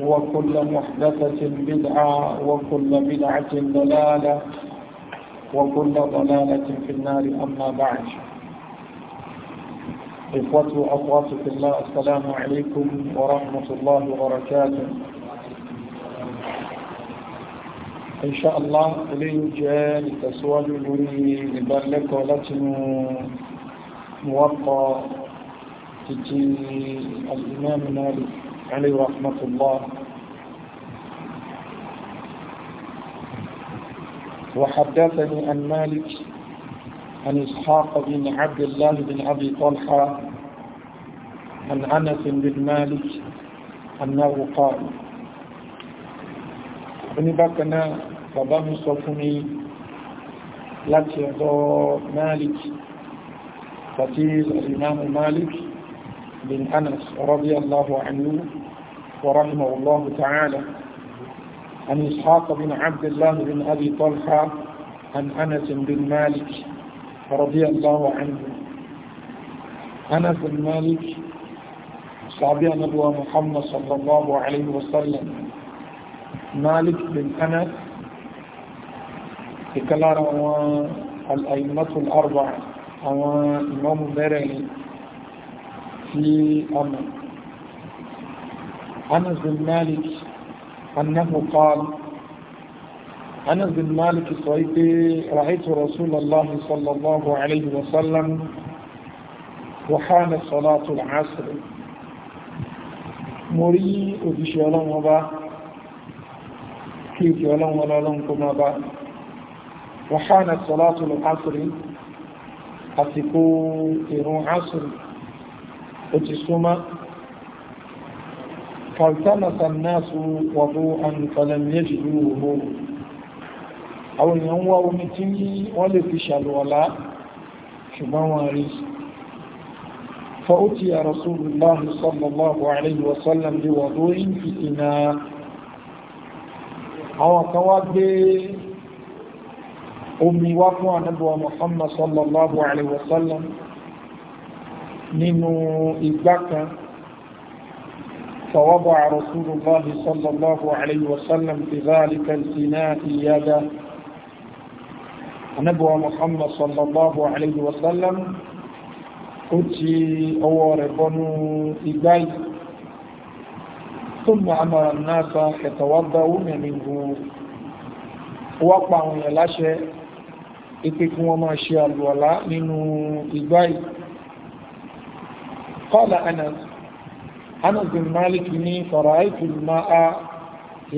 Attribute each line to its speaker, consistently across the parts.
Speaker 1: وكل محدثة بدعة وكل بدعة ضلالة وكل ضلالة في النار أما بعد إخوتي وأخواتي في الله السلام عليكم ورحمة الله وبركاته إن شاء الله ليجا تسوال لي لبرلك ولتن موقع تجي الإمام مالك عليه رحمة الله وحدثني عن مالك عن إسحاق بن عبد الله بن أبي طلحة عن أنس بن مالك أنه قال ابن بكنا فبام صفني لك مالك فتيل الإمام مالك بن أنس رضي الله عنه ورحمه الله تعالى عن إسحاق بن عبد الله بن أبي طلحة عن أنس بن مالك رضي الله عنه أنس بن مالك صحابي نبوة محمد صلى الله عليه وسلم مالك بن أنس ìkàlára عن al'aimatul arba àwọn ìmọ̀mù mẹ́rẹ̀ tí أنس بن مالك أنه قال أنس بن مالك صحيح رأيت رسول الله صلى الله عليه وسلم وحان صلاة العصر مريء بشيران وبا كيف يلون ولا لنكم وبا وحان صلاة العصر أتكو إيرون عصر أتسوما فالتمس الناس وضوءا فلم يجدوا وضوءا àwọn èèyàn wá omi tí wọ́n lè fi ṣàlùwàlá ṣùgbọ́n wọn rí فأتي رسول الله صلى الله عليه وسلم بوضوء في إناء àwọn kan wá gbé omi wá fún ànábọ̀wà Muhammad sallallahu alaihi wasallam nínú ìgbá kan فوضع رسول الله صلى الله عليه وسلم في ذلك الإناء يده نبوى محمد صلى الله عليه وسلم قتي أور بنو إباي ثم أمر الناس يتوضؤون منه وقعوا يلاشى إتكم ما شاء الولاء منه إباي قال أنس Anas bin Malik ní fara'aytu al-ma'a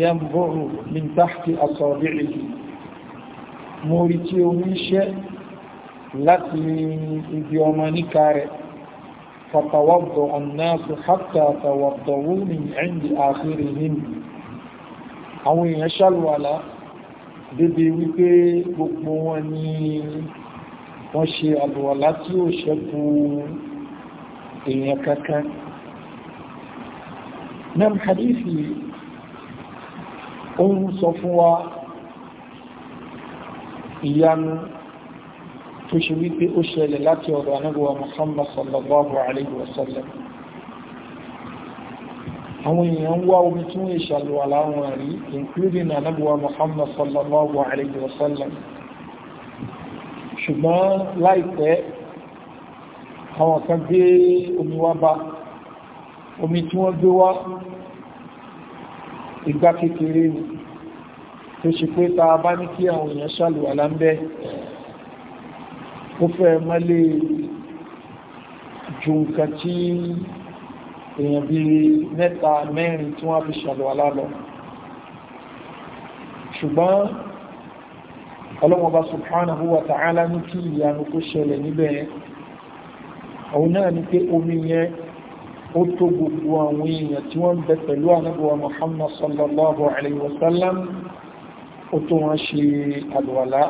Speaker 1: yanbu'u min tahti asabi'ihi mo rí tí láti ibi ọmọ níka rẹ̀ فتوضأ الناس حتى توضأوا من عند آخرهم àwọn èèyàn ṣàlùwàlá débi wípé gbogbo wọn ni wọ́n ṣe àlùwàlá tí ó ṣẹ́kù èèyàn kankan nam hadithi ó ń sọ fún wa ìyanu tó ṣe wípé ó ṣẹlẹ̀ láti ọ̀dọ̀ anábíwa muhammad sallallahu alaihi wasallam àwọn èèyàn wá omi tí wọ́n ìṣàlù aláwọn rí including anábíwa muhammad sallallahu alaihi wasallam ṣùgbọ́n láìpẹ́ àwọn kan gbé omi wá bá omi tí wọ́n gbé wá ìgbà kékeré ni tó ṣe pé ta bá ní kí àwọn èèyàn ṣàlùwà láńbẹ́ ó fẹ́ mọ́lé ju nǹkan tí èèyàn bí mẹ́ta mẹ́rin tí wọ́n fi ṣàlùwà lálọ ṣùgbọ́n ọlọ́wọ́ba subhanahu wa ta'ala ní kí ìyanu kó ṣẹlẹ̀ níbẹ̀ òun náà ni pé omi yẹn ó tó gbogbo àwọn èèyàn tí wọ́n bẹ pẹ̀lú ànábọ̀wà Muhammad sallallahu alaihi wasallam ó tó wọ́n ṣe àlùwàlá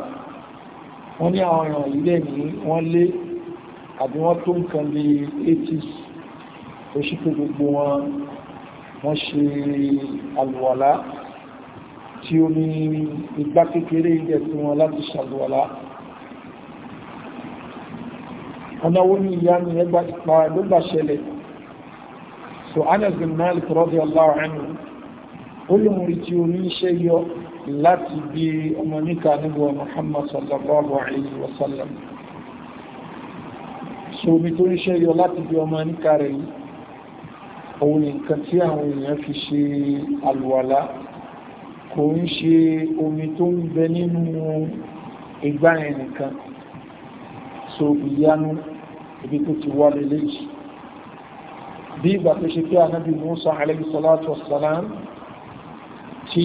Speaker 1: wọ́n ní àwọn èèyàn ilé ní wọ́n lé àbí wọ́n tó nǹkan bí 80s ó ṣí pé gbogbo wọn wọ́n ṣe àlùwàlá tí ó ní igbá kékeré ilẹ̀ tí wọ́n láti ṣàlùwàlá ọ̀nà wo ni ìyá mi ẹgbà ìpa ló gbà ṣẹlẹ̀ so Anas bin Malik radiyallahu anhu ó lè mú tí oníṣẹ́ yọ láti bí ọmọ níka nígbà Muhammad sallallahu alayhi wa sallam so omi tó ń ṣe yọ láti bí ọmọ níka rẹ̀ yìí òun nìkan tí àwọn èèyàn fi ṣe alùwàlá kò ń ṣe omi tó ń bẹ nínú ìgbà yẹn nìkan so ìyanu ibi tó ti wá lélẹ́yìí bí ìgbà tó ṣe pé anábì Musa alayhi salatu wassalam tí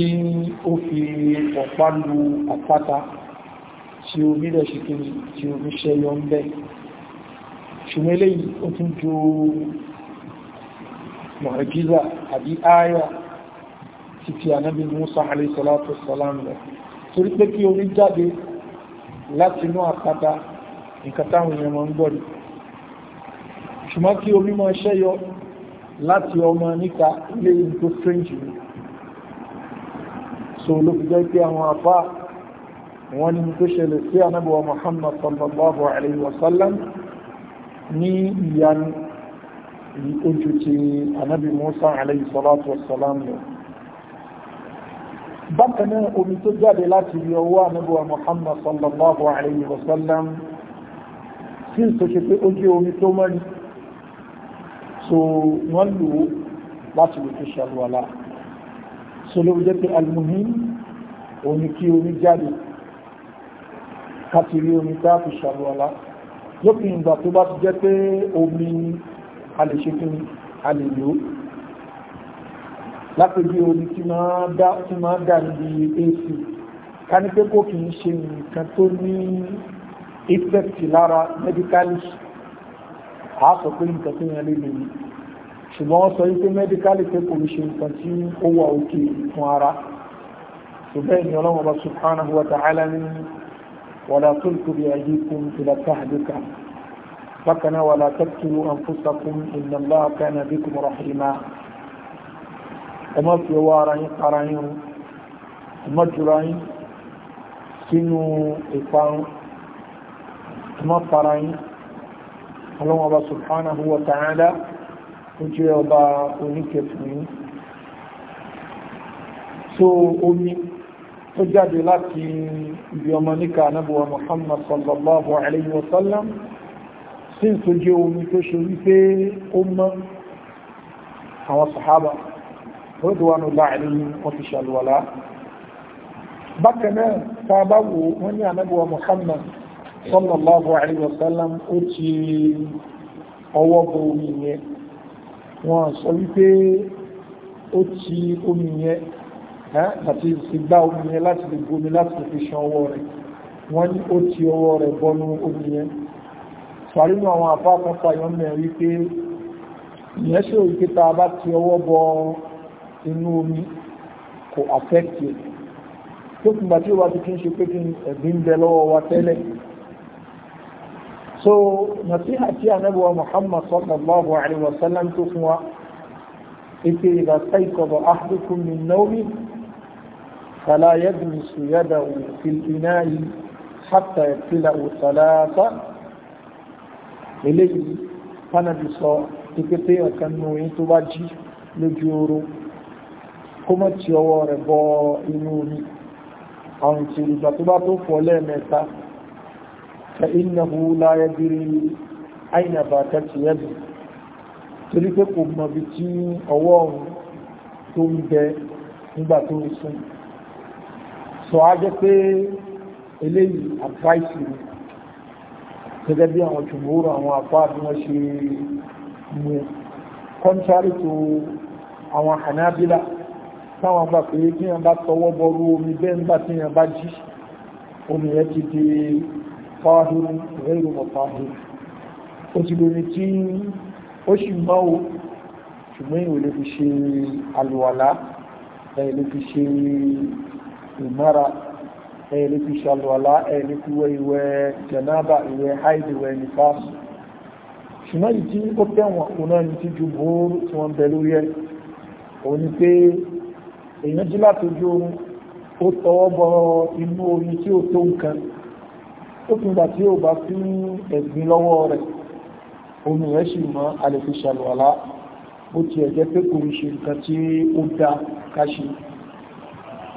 Speaker 1: ó fi ọ̀pá lu àpáta tí omi rẹ̀ ṣe kiri tí omi ṣẹyọ ń bẹ́ ṣùgbọ́n eléyìí ó tún ju mọ̀rẹ̀gíza àbí áyà títí anábì Musa alayhi salatu wassalam rẹ̀ torí pé kí omi jáde látinú àpáta nǹkan táwọn èèyàn máa ń gbọ́dọ̀ ṣùgbọ́n kí omi máa ṣẹ́yọ láti ọmọ níta ilé ìlú strange ni so ló fi jẹ́ pé àwọn afá wọ́n ní tó ṣẹlẹ̀ sí anábọ̀wà Muhammad sallallahu alayhi wa sallam ní ìyanu ojú ti anábì Musa alayhi salatu wa salam lọ bákan náà omi tó jáde láti rí ọwọ́ anábọ̀wà Muhammad sallallahu alayhi wa sallam sí ìtòṣe pé ó omi tó mọ́ni so wọ́n lò ó láti lè fi ṣàlùwàlá so ló jẹ́ pé almuhim òní kí omi jáde kàtìrí omi tá fi ṣàlùwàlá lópin ìgbà tó bá ti jẹ́ pé omi a lè ṣe fún a lè lò ó lápẹjú omi tí máa dà níbi ac ká ní pé kò kì ṣe nǹkan tó ní effect lára medically a sọ pé nǹkan tó yẹn líle ni ṣùgbọ́n wọ́n sọ wípé mẹ́díkálì pé kò ṣe nǹkan tí ó wà òkè fún ara ṣùgbọ́n ni ọlọ́wọ́ bá subhanahu wa ta'ala ní wàlá tó kù bí ayé kún ìlà tahdika bákan náà wàlá taqtulu anfusakum inna Allaha kana bikum rahima ẹ má fi ọwọ́ ara yín para yín ẹ má jura yín sínú ìparun ẹ má para yín ọlọ́run ọba subhanahu wa ta'ala ó jẹ́ ọba oníkẹfùnrin so omi tó jáde láti ibi ọmọ níka anábùwà muhammad sallallahu alayhi wa sallam sí tó jẹ́ omi tó ṣe wípé ó mọ́ àwọn sàhábà rọ́dùwánú láàrin wọ́n ti bákanáà tàbáwò wọ́n ní anábùwà muhammad sallallahu alayhi wa sallam ó ti ọwọ́ bọ omi yẹn wọ́n sọ wípé ó ti omi yẹn àti ìgbà omi yẹn láti lè gbomi láti fi ṣan ọwọ́ rẹ̀ wọ́n ní ó ti ọwọ́ rẹ̀ bọ́nú omi yẹn sàrínú àwọn àfáàkan fàyọ́ mẹ́rin wípé ìyẹn ṣe òyìnké ta bá ti ọwọ́ bọ inú omi kò affect tó kùnbà tí ó wá ti kí ń ṣe pé kí ẹ̀gbín bẹ lọ́wọ́ wa tẹ́lẹ̀ so nasiha tí ànábì wa muhammad sallallahu alayhi wa sallam tó fún wa ike idha istayqadha ahadukum min nawmi fala yadmisu yadahu fil ina'i hatta yagsila'u thalatha eléyìí fánàbí sọ ìpépé ọ̀kan nù yín tó bá jí lójú oorun kó mọ̀ tí ọwọ́ rẹ̀ bọ inú omi àwọn ìtìrìgbà tó bá tó fọ̀ lẹ́ẹ̀mẹ́ta فإنه لا يدري أين باتت يده torí pé kò mọ̀ bí tí ọwọ́ ọ̀run tó ń bẹ nígbà tó ń sùn sọ á jẹ́ pé eléyìí advice ni gẹ́gẹ́ bí àwọn jùmọ̀rọ̀ àwọn àpá bí wọ́n ṣe mú contrary to àwọn Hanabila táwọn gbà pé kí wọ́n bá tọwọ́ bọrú omi bẹ́ẹ̀ nígbà tí wọ́n bá jí omi yẹn ti di fọ́hìrì rẹ̀rù mọ̀fọ́hìrì ó ti lórí tí ó sì mọ́ o ṣùgbọ́n ìwò lè fi ṣe alùwàlá ẹ̀ lè fi ṣe ìmára ẹ̀ lè fi ṣe alùwàlá ẹ̀ lè fi wẹ ìwẹ̀ jẹ̀nábà ìwẹ̀ haidi ìwẹ̀ nìfàs ṣùgbọ́n ìtí ó tẹ̀wọ̀n òun náà ní ti ju ó fi gbà tí ó bá fi ẹ̀gbin lọ́wọ́ rẹ̀ omi rẹ̀ sì mọ́ àlefi ṣàlùwàlá bó ti ẹ̀jẹ́ pé kò ń ṣe nǹkan tí ó dá káṣe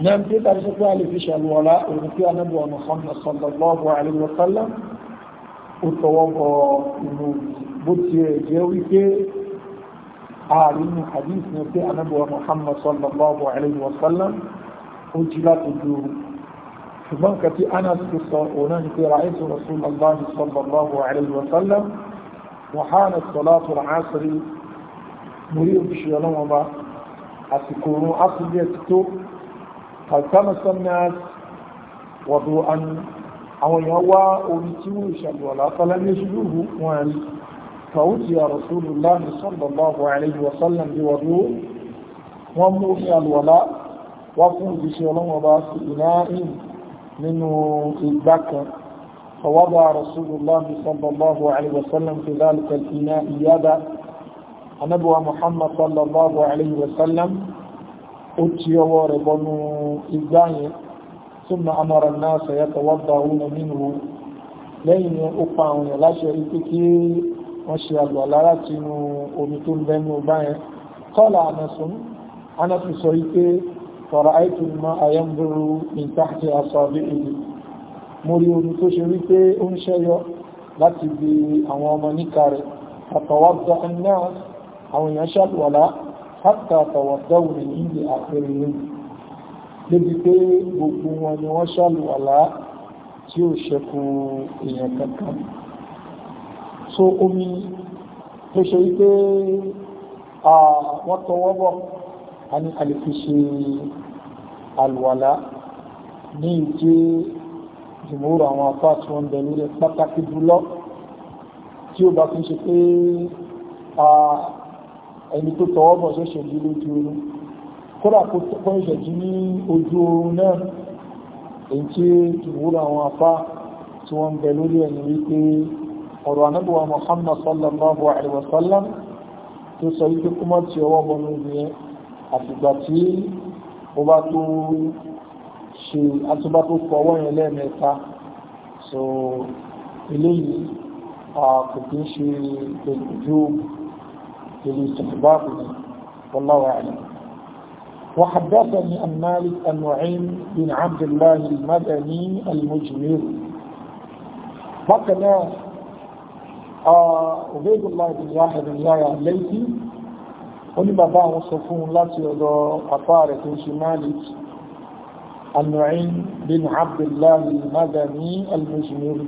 Speaker 1: náà bí ó sọ pé àlefi ṣàlùwàlá òun pé anábì wa Muhammad sallallahu alaihi wa ó tọwọ́ bọ inú bó ti ẹ̀jẹ́ wípé ààrin hadith pé anábì wa Muhammad sallallahu alaihi ó jí láti dúró ṣùgbọ́n nǹkan tí anas ti sọ òun náà ni pé ra'aytu rasulullahi sallallahu alayhi wa sallam wa hana salatu al-asr mo rí òṣìṣẹ́ ọlọ́wọ́n bá àsìkò òun asìlẹ̀ ti tó alkamasannas wàdó an àwọn èèyàn wá orí tí wọ́n ìṣàlù àlàáfàlà ní ṣubúrú wọn rí fàútì ya rasulullahi sallallahu alayhi wa bí wàdó wọn mú ìṣàlù àlá wá fún ìṣẹ́ ọlọ́wọ́n bá sí ìnáyìn nínú igbá kan فوضع رسول الله صلى الله عليه وسلم في ذلك الإناء يدا أنبوى محمد صلى الله عليه وسلم أتي وربنو إبداني ثم أمر الناس يتوضعون منه لين أقعون لا شريكك ما شاء الله لا تنو أمتون بنو بان قال أنس أنس سيكي فرأيت الماء ينظر من تحت أصابعه مريون تشريك أنشي láti bí àwọn ọmọ níka rẹ̀ àtọwọ́dá náà àwọn èèyàn ṣàlùwàlá hátà àtọwọ́dá òní ìdí àpẹẹrẹ rẹ̀ débi wọn ni a ní a lè fi ṣe alwala ní ìjẹ́ jùmúrò àwọn apá tí wọ́n bẹ̀ lórí pàtàkì jùlọ tí ó bá fi ṣe pé ẹni tó tọwọ́ bọ̀ ṣẹ̀ṣẹ̀ jí lójú oorun kódà kó ṣẹ̀ṣẹ̀ jí ní ojú oorun náà èyí tí jùmúrò àwọn apá tí wọ́n bẹ̀ lórí ẹni wípé ọ̀rọ̀ anábùwà Muhammad sallallahu alaihi wasallam tó sọ wípé kúmọ̀ tí ọwọ́ bọ̀ lórí ẹ̀ àtìgbà tí ó bá tó ṣe àtúbá tó fọwọ́ yẹn lẹ́ẹ̀mẹ́ta so eléyìí kò kí ń ṣe pẹ̀lú pẹ̀lú ìtàkùbáàbù ni والله أعلم وحدثني عن مالك النعيم بن عبد الله المدني المجمر بقنا عبيد الله بن يحيى بن يحيى الليثي ó ní bàbá àwọn sọ fún un láti ọ̀dọ̀ pàpá rẹ̀ tó ń ṣe Malik Anu'ayn bin Abdullah al-Madani al-Mujmiri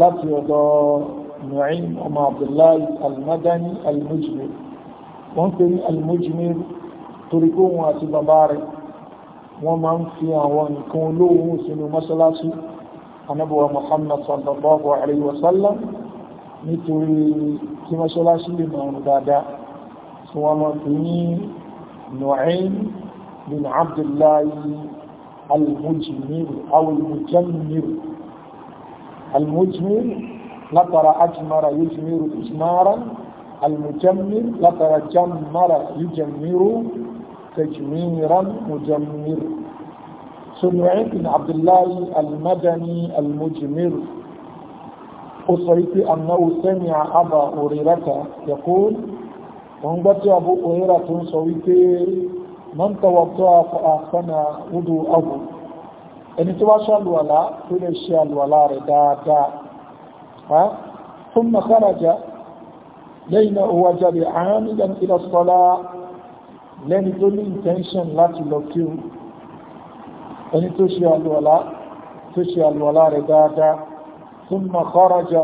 Speaker 1: láti ọ̀dọ̀ Nu'ayn ọmọ Abdullah al-Madani al-Mujmiri wọ́n pè ní al-Mujmiri torí kó wọn àti bàbá rẹ̀ wọ́n máa ń fi àwọn nǹkan olóòwò sínú mọ́ṣáláṣí anábọ̀wà Muhammad sallallahu alaihi wasallam nítorí kí mọ́ṣáláṣí lè máa ń dáadáa ومسلمين نعيم بن عبد الله المجمر أو المجمر المجمر لترى أجمر يجمر إجمارا المجمر لترى جمر يجمر تجميرا مجمر سنعيم بن عبد الله المدني المجمر أصيب أنه سمع أبا هريرة يقول wọ́n gbọ́ tí Abu Hurairah tó ń sọ wípé man tawadda'a fa ahsana wudu'ahu ẹni tó bá ṣàlùwàlá tó lè ṣe àlùwàlá rẹ̀ dáadáa thumma kharaja lẹ́yìn náà ó wá jáde amilan ila salah lẹ́ni tó ní intention láti lọ kí o ẹni tó ṣe àlùwàlá tó ṣe àlùwàlá rẹ̀ dáadáa thumma kharaja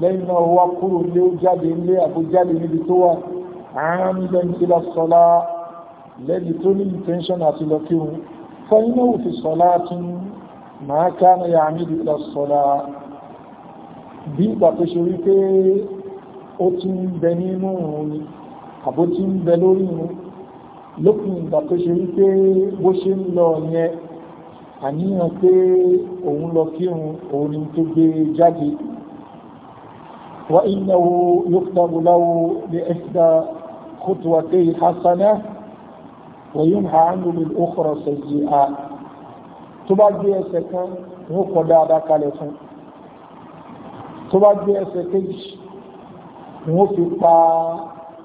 Speaker 1: lẹ́yìn náà kúrò lé jáde ilé àbújáde níbi tó wà àámdẹ́n ilá sọlá lẹ́ni tó ní intention àti lọ kírun fọ́ iná òfin sọlá tún máa ká ní àmìdí ilá sọlá bí ìgbà tó ṣe wípé ó ti ń bẹ nínú òun ni àbó ti ń bẹ lórí òun lópin ìgbà tó ṣe wípé bó ṣe ń lọ yẹn àníyàn pé òun lọ kírun òun ni tó gbé jáde wa innahu yuktabu lahu bi ihda خطوتيه حسنة وينهى عنه بالأخرى سيئة تبا جي أسكن هو قدا دا كالفن تبا جي أسكن هو في با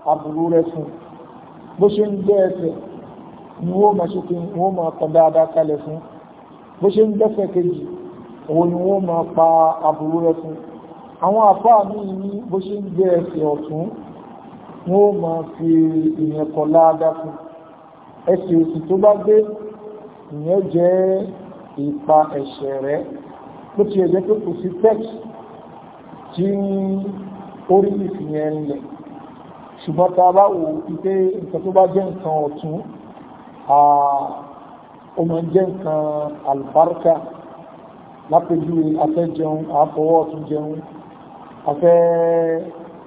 Speaker 1: أبرور فن بشن جي هو ما شكين هو ما قدا دا كالفن بشن جي أسكن òun ni wọ́n máa pa àbúrú rẹ̀ fún àwọn àfáà ní ni ó máa fi ìyẹn kọ láadáa fún ẹsẹ̀ òsì tó bá gbé ìyẹn jẹ́ ìpa ẹ̀ṣẹ̀ rẹ̀ bó ti ẹ̀jẹ̀ pé kò sí tex tí orí ìfìyẹn ń lẹ̀ ṣùgbọ́n ta bá wò pípé nǹkan tó bá jẹ́ nǹkan ọ̀tún ó máa jẹ́ nǹkan àlùbáríkà lápẹjú afẹ́ àfọwọ́ ọ̀tún jẹun afẹ́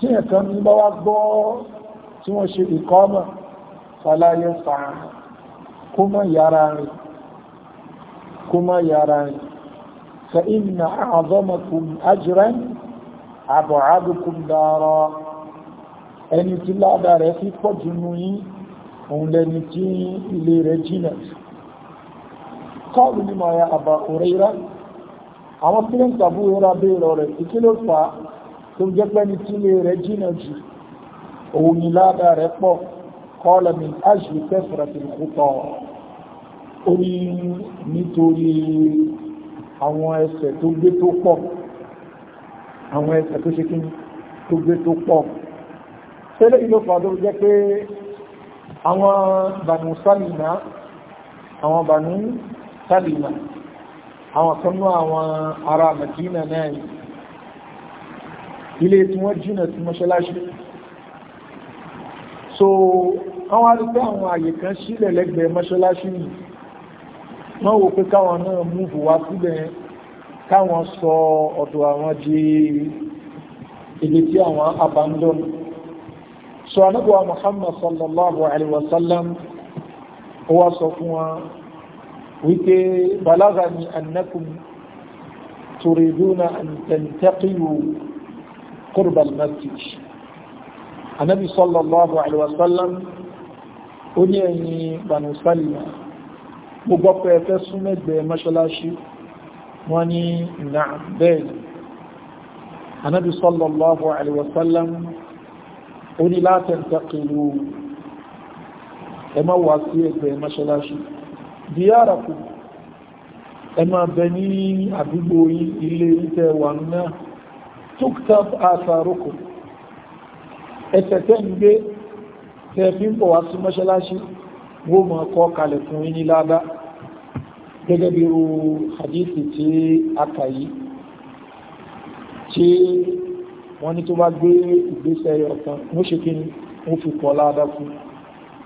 Speaker 1: tí ẹ̀kan ní bá wá gbọ́ tí wọ́n ṣe ìkọ́mọ̀ fàláyé fàá kó mọ́ yára rìn kó mọ́ yára rìn fa inna a'zamakum ajran ab'adukum dara ẹni tí ládà rẹ̀ fi pọ̀ jù nú òun lẹni tí ilé rẹ̀ tó jẹ́ pẹ́ni tí lè rẹ̀ jìnà jù òun ni ládàá rẹ̀ pọ̀ kọ́lẹ̀ mi áṣì kẹfìrẹ̀tì kútọ̀ orí nítorí àwọn ẹsẹ̀ tó gbé tó pọ̀ àwọn ẹsẹ̀ tó ṣe kí tó gbé tó pọ̀ tẹ́lẹ̀ ìlú pàdó jẹ́ pé àwọn bànú sálìmá àwọn bànú sálìmá àwọn kanú àwọn ará Mẹdínà náà ilé tí wọ́n jìnà sí mọ́ṣáláṣí so àwọn arúgbó àwọn àyè kan sílẹ̀ lẹ́gbẹ̀ẹ́ mọ́ṣáláṣí yìí wọ́n wò pé káwọn náà múùfù wá síbẹ̀ káwọn sọ ọ̀dọ̀ àwọn di ilé tí àwọn abandon so anábọ̀wà Muhammad sallallahu alaihi wasallam ó wá sọ fún wa wípé balagha ni annakum turiduna an tantaqilu قرب المسجد النبي صلى الله عليه وسلم oni ẹ̀yìn banu salima gbogbo ọpẹ ẹfẹ́ súnmẹ́gbẹ̀ mọ́ṣálásí wọ́n ni na bẹ́ẹ̀ anábi sallallahu alaihi wasallam oni látẹ̀ntẹ́kìlú ẹmọ́ wà sí ẹgbẹ̀ mọ́ṣálásí diyarakum ẹmọ́ bẹ ní àdúgbò ilé ìtẹ́wà náà tuktab atharukum ẹsẹ̀ tẹ́ ń gbé tẹ́ fi ń bọ̀ wá sí mọ́ṣáláṣí wó mọ̀ kọ́ kalẹ̀ fún yín ní ládá gẹ́gẹ́ bí irú hadithi tí a kà yìí tí wọ́n ní tó bá gbé ìgbésẹ̀ ọ̀kan mú ṣe kí mú fi pọ̀ ládá fún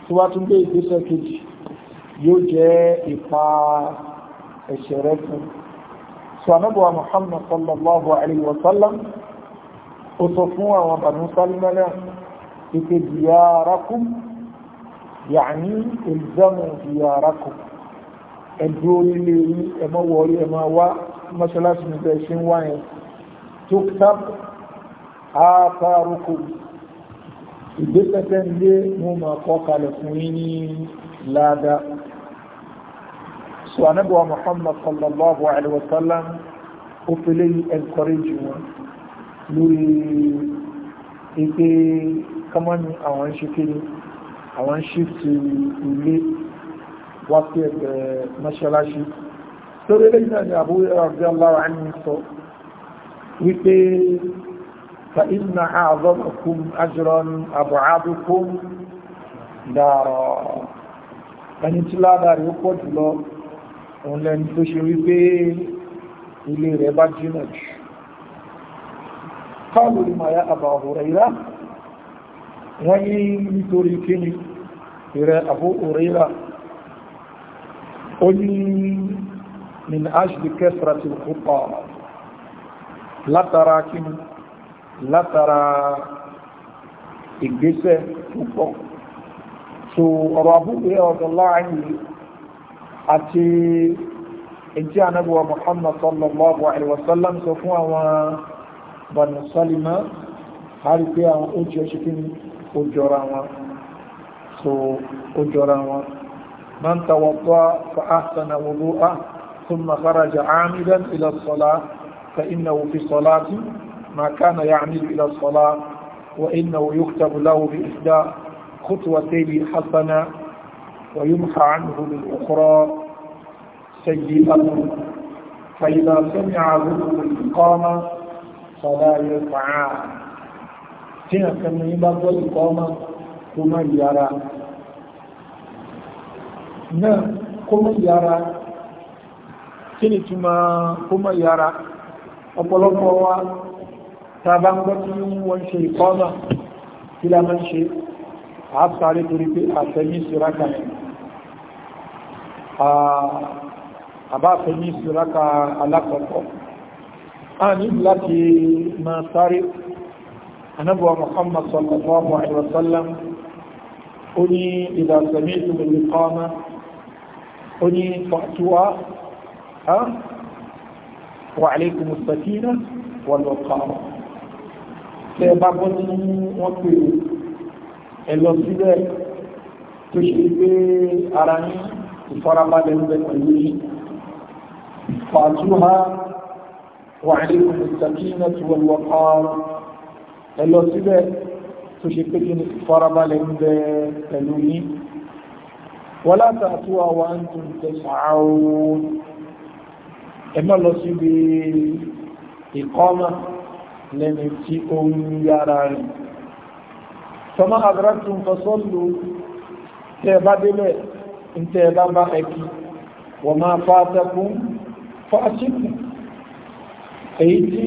Speaker 1: tó bá tún gbé ìgbésẹ̀ kejì yóò jẹ́ ipa ẹ̀ṣẹ̀ rẹ̀ fún so anábọ̀wà muhammad sallallahu alayhi wa sallam ó sọ fún àwọn bànú sálímẹ́lẹ̀ ìpè diyarakum yàní ìlzọ́nù diyarakum ẹ̀dùn orílẹ̀ yìí ẹ̀mọ́ wọ̀ọ́rí ẹ̀mọ́ wá mọ́ṣáláṣí níbẹ̀ ṣe ń wáyẹn tuktab atharukum ìgbésẹ̀tẹ̀ ń lé wọn kọ́ kalẹ̀ fún yín ní ládàá so anabiwa muhammad sallallahu alaihi wa sallam ó fi léyìn encourage wọn lórí ike kọ́mọ́nì àwọn ń ṣe kiri àwọn ń ṣe ti ilé wá sí ẹgbẹ́ mọ́ṣáláṣí lórí eléyìí náà ni Abu radiyallahu anhu sọ wípé fa inna a'zamakum ajran ab'adukum dára ẹni tí ládàá rí ó pọ̀ jùlọ òun lẹ́ni tó ṣe wípé ilé rẹ̀ bá jìnà jù káàlù ní màá yá àbà Huraira wọ́n ní nítorí kíni ìrẹ́ Abu Huraira ó ní min ajli kasrati al-khutta látara kíni látara ìgbésẹ̀ púpọ̀ so ọ̀rọ̀ Abu Huraira ọ̀dọ̀lá àyíyí àti ètí anábíwa Muhammad sallallahu alaihi wasallam sọ fún àwọn Banu Salima àrí pé àwọn ojú ọ̀ṣẹ́ kí ni ó jọra wọn so ó jọra wọn man tawadda fa ahsana wudu'a thumma kharaja amidan ila as-salah fa innahu fi salati ma kana ya'midu ila as-salah wa innahu yuktabu lahu bi ihda khutwatayhi hasana ويمحى عنه للأخرى سيئة فإذا سمع ذكر الإقامة فلا يسعى تنا كما يبقى الإقامة كما يرى نعم كما يرى kíni túnmà kó mọ̀ yára ọ̀pọ̀lọpọ̀ wa ta bá ń gbọ́ tí wọ́n ṣe ìkọ́nà kí la ṣe àásàrí torí pé sí rákàtí àbáfẹ́ ní ìsìnláka alákọ̀ọ́kọ́ a ní láti ma sáré anábọ̀wà Muhammad sallallahu alaihi wasallam ó ní ìdásẹ̀mí ìtùmọ̀lẹ̀ kọ́ọ́má ó ní fàtíwá wa alaikumus sakina wal waqara tẹ tó ṣe pé ara yín ìfarabalẹ̀ ń bẹ pẹ̀lú yìí fàtúhà wà ní ìsàkínà tí wọ́n wọ́n pààrọ̀ ẹ lọ síbẹ̀ tó ṣe pé kí ni ìfarabalẹ̀ ń bẹ pẹ̀lú yìí wọ́n láta àtúwà wà ń tún tẹ̀sà lọ síbi ntẹ́ bá bá ẹkí wọ́n máa fàátẹ́kún fàásíkù èyí tí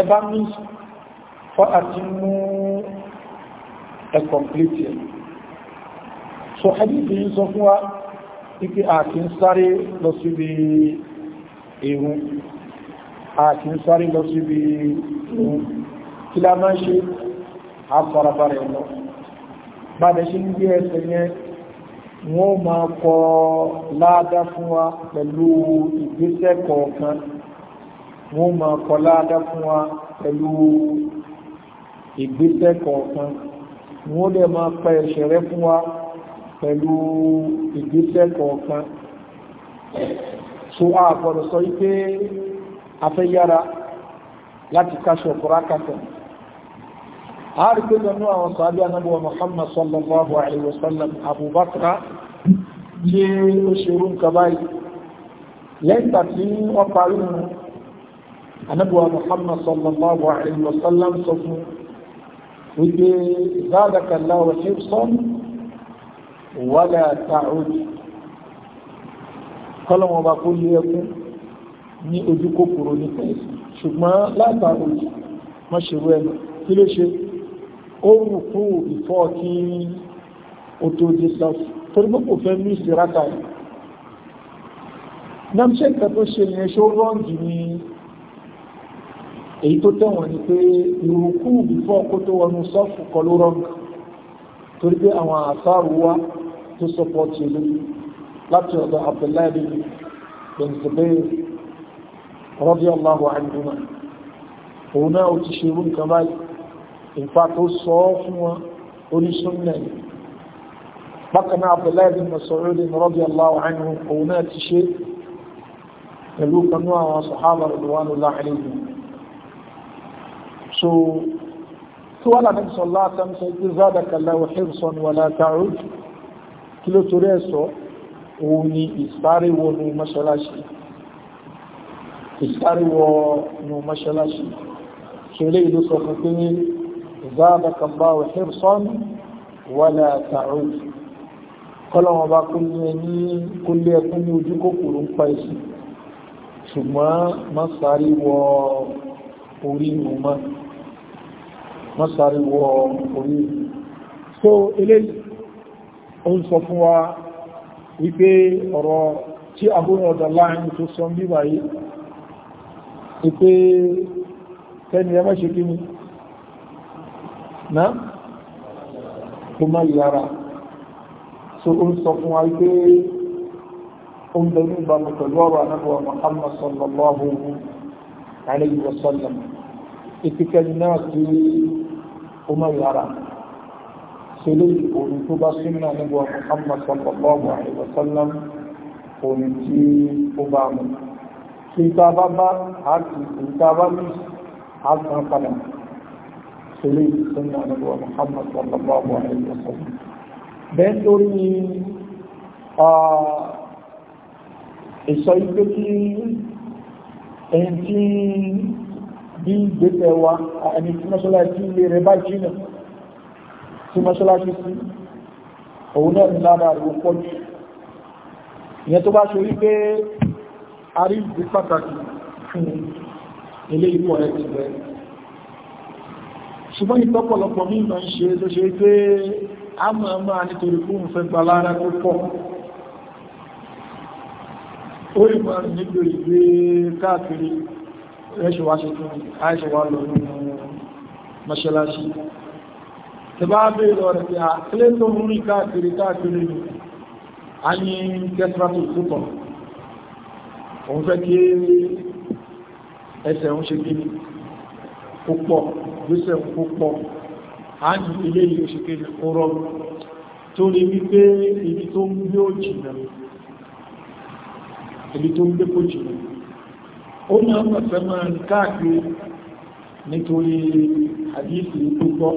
Speaker 1: ẹ bá ní fàásí mú ẹ kọ̀mplítì ẹ̀ so hadith yìí sọ fún wa ipi àti ń sáré lọ síbi ìrun àti ń sáré lọ síbi ìrun kí lá máa ṣe àfọ́rabarẹ̀ lọ wọ́n máa kọ láàdá fún wa pẹ̀lú ìgbésẹ̀ kọ̀ọ̀kan wọ́n máa kọ láàdá fún wa pẹ̀lú ìgbésẹ̀ kọ̀ọ̀kan wọ́n lè máa pẹ ẹ̀ṣẹ̀ rẹ fún wa pẹ̀lú ìgbésẹ̀ kọ̀ọ̀kan so a gbọ́dọ̀ sọ wípé afẹ́yára láti káṣọ kọ́rákàtà ààrí pé lọ ní àwọn sàábí anábúwa Muhammad sallallahu alaihi wasallam abubakra tí ó ṣerú nǹkan báyìí lẹ́yìnbà tí wọ́n parí nù anábúwa Muhammad sallallahu alaihi wasallam sọ fún wípé zádàkàlá wa hibson wàlá ta'ud kọ́lọ̀wọ̀n bá kó lé ẹkún ní ojú kòkòrò nípa ẹ̀sìn ṣùgbọ́n látàrí mọ́ṣẹ̀rú ẹnu kí ó rùkú ìfọ́ kí ó tó dé sọ́ọ̀sì torí pé kò fẹ́ ní ìsìráta yìí náà ṣe nǹkan tó ṣe yẹn ṣó rọ́ǹgì ni èyí tó tẹ̀wọ̀n ni pé ìrùkú ìfọ́ kó tó wọnú sọ́ọ̀fù kọ ló rọ́ǹgì torí pé àwọn àṣàrù wa tó sọpọ́ọ̀tì ìlú láti ọ̀dọ̀ Abdullahi bin Zubair radiyallahu anhuma òun náà ó ti ṣe irú nǹkan báyìí ìfà tó sọ ọ́ fún wọn oníṣúnnà yìí bákan náà abdullahi bin masoud radiyallahu anhu òun náà ti ṣe pẹ̀lú kanú àwọn sahaba radwanullahi alayhim so tí wọ́n lànà sọ̀lá àtàmsọ̀ ìgbé zádàkàlá wa hirsan wala ta'ud kí ló torí ẹ̀sọ́ òun ni ìsáré wọnú mọ́ṣáláṣí ìsáré wọnú mọ́ṣáláṣí ìlú sọ fún pé زادك الله حرصا ولا تعود kọ́lọ̀wọ́ bá kún ní kúlé ẹkún ní ojú kòkòrò ń pa ìsì ṣùgbọ́n má sáré wọ orí ìrùnmá má sáré wọ orí ìrùn so eléyìí ó ń sọ fún wa wípé ọ̀rọ̀ tí abúrún ọ̀dọ̀ láàrin tó sọ bí wáyé wípé tẹ́ni ẹmọ́ ṣe kí ni náà tó má yára so ó ń sọ fún wa pé ó ń bẹ ní ìbámu pẹ̀lú ọ̀rọ̀ anábọ̀ Muhammad sallallahu alayhi wa sallam ìpìkẹ́ni náà tí ó má yára so lórí òun tó bá súnmọ́ anábọ̀ Muhammad sallallahu alayhi wa sallam òun tí ó bá mú kí n ta bá bá àti n ta bá mú àti n padà eléyìí ti sọ́nà àdúgbò Muhammad sallallahu alayhi wa sallam bẹ́ẹ̀ lórí ìsọ ìgbé kí ẹni tí bí ìgbésẹ̀ wa ẹni tí mọ́ṣáláṣí ilé rẹ̀ bá jìnà tí mọ́ṣáláṣí sí òun náà ní lára àrùn pọ́jù ìyẹn tó bá ṣùgbọ́n ìtọ́pọ̀lọpọ̀ mí ma ń ṣe tó ṣe pé a máa máa nítorí fún ìfẹ́ gbalára tó pọ̀ ó rí máa rìn nígbò ìgbé káàkiri rẹ́ṣẹ̀wá ṣe tún àìṣẹ̀wá lọ ní mọ́ṣáláṣí tí bá bèèrè ọ̀rẹ́ ẹsẹ̀ ń ṣe gíní púpọ̀ gbésẹ̀ púpọ̀ a ní ilé yìí oṣù kejì kọrọ torí wípé ibi tó ń gbé ó jìnà ibi tó ń gbé kó jìnà ó máa ń pẹ̀fẹ́ máa ń káàkiri nítorí àdífì tó gbọ́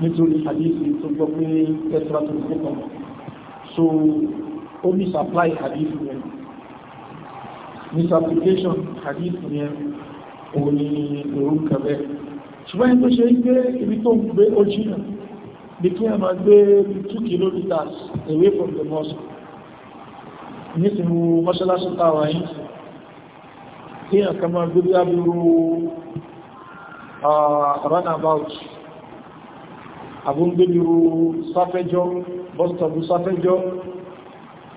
Speaker 1: nítorí àdífì tó gbọ́ pé tẹ́tàrà tó gbọ́ so ó ní supply àdífì yẹn misapplication àdífì yẹn òun ni irú nǹkan bẹ́ẹ̀ ṣùgbọ́n ẹni tó ṣe gbé ibi tó ń gbé ó jìnà bí kí ẹmà gbé 2 kilometers away from the mosque nísìnyí mọ́ṣálásí tàwà yìí kí ẹ̀yàn kan máa gbé bí abúrú runabout abúngbébìrú sáfẹ́jọ́ bọ́stọ̀bù sáfẹ́jọ́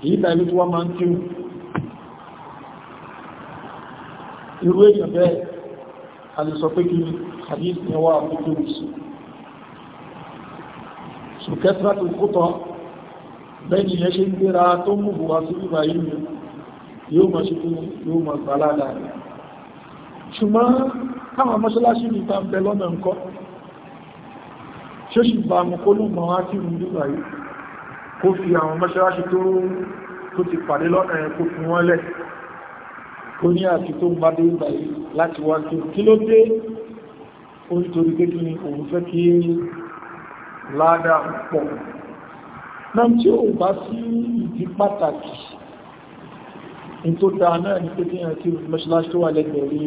Speaker 1: èyí tàbí tí wọ́n máa ń kí irú èèyàn bẹ́ẹ̀ àdìsọ pé kí hadith ni wà àpótò sí so kẹtìrà tó kótọ bẹ́ẹ̀ni yẹn ṣe ń gbéra tó mú bùwá sí bíbá yìí yóò mọ̀ sí fún yóò mọ̀ gbàládà rẹ̀ ṣùgbọ́n káwọn mọ́ṣáláṣí ní ta bẹ lọ́nà ńkọ́ ṣe ti pàdé lọ́nà ẹ̀ kó fi wọ́n lẹ̀ kó ní àti tó ń láti wá kí kí ló dé orítorí pé kí òun fẹ́ kí láàdá pọ̀ náà tí ó bá sí ìdí pàtàkì ní tó dáa náà ní pé kí èèyàn kí mọ́ṣáláṣí tó wà lẹ́gbẹ̀ẹ́ rí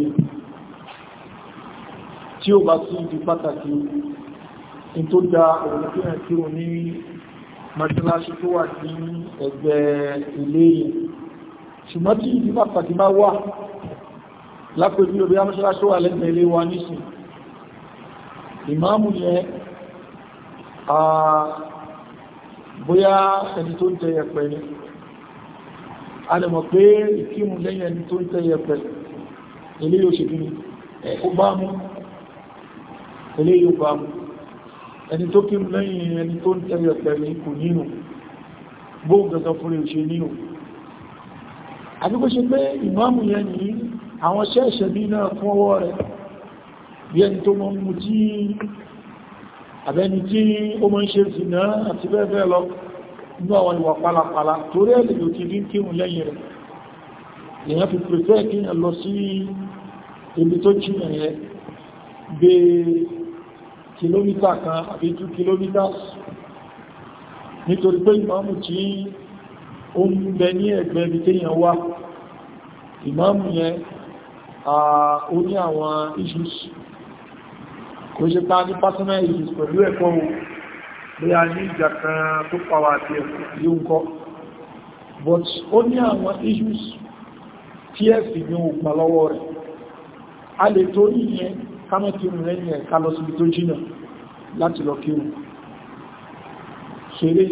Speaker 1: tí ó bá sí ìdí pàtàkì ní tó dáa òun kí èèyàn kí o ní mọ́ṣáláṣí tó wà ní ẹgbẹ́ ilé yìí ṣùgbọ́n tí ìdí pàtàkì máa wà lápẹ̀lú obi amúṣẹ́láṣọ́ wà lẹ́gbẹ̀ẹ́ ilé wa nísìn ìmáàmù yẹn bóyá ẹni tó ń tẹ yẹpẹ̀ ni a lè mọ̀ pé ìkímù lẹ́yìn ẹni tó ń tẹ yẹpẹ̀ ilé yóò ṣe bíi ẹ̀kú bá mú ilé yóò bá mú ẹni tó kí lẹ́yìn pé ìmáàmù yẹn yìí àwọn ṣẹ́ṣẹ́ bí náà fún ọwọ́ rẹ̀ bí ẹni tó mọ́ mú tí àbẹni tí ó mọ́ ń ṣe sí náà àti bẹ́ẹ̀bẹ́ẹ̀ lọ inú àwọn ìwà pálapàla torí ẹ̀lẹ̀ yóò ti dín kírun lẹ́yìn rẹ̀ èèyàn fi pèfẹ́ kí èèyàn lọ sí ibi tó jìnà yẹ gbé kìlómítà kan àbí 2 kìlómítà nítorí pé ìmáàmù tí ó ń bẹ ní ẹ̀gbẹ́ ibi téèyàn wá ìmáàmù yẹn ó ní àwọn issues kò ṣe pa ní personal issues pẹ̀lú ẹ̀kọ́ o bí a ní ìjà kan tó pàwà àti ẹ̀kọ́ yóò kọ́ but ó ní àwọn issues tí ẹ̀sì ní ògbà lọ́wọ́ rẹ̀ a lè torí ìyẹn kámẹ́kìrù rẹ̀ ní ẹ̀ka lọ síbi tó jìnà láti lọ kírù ṣeré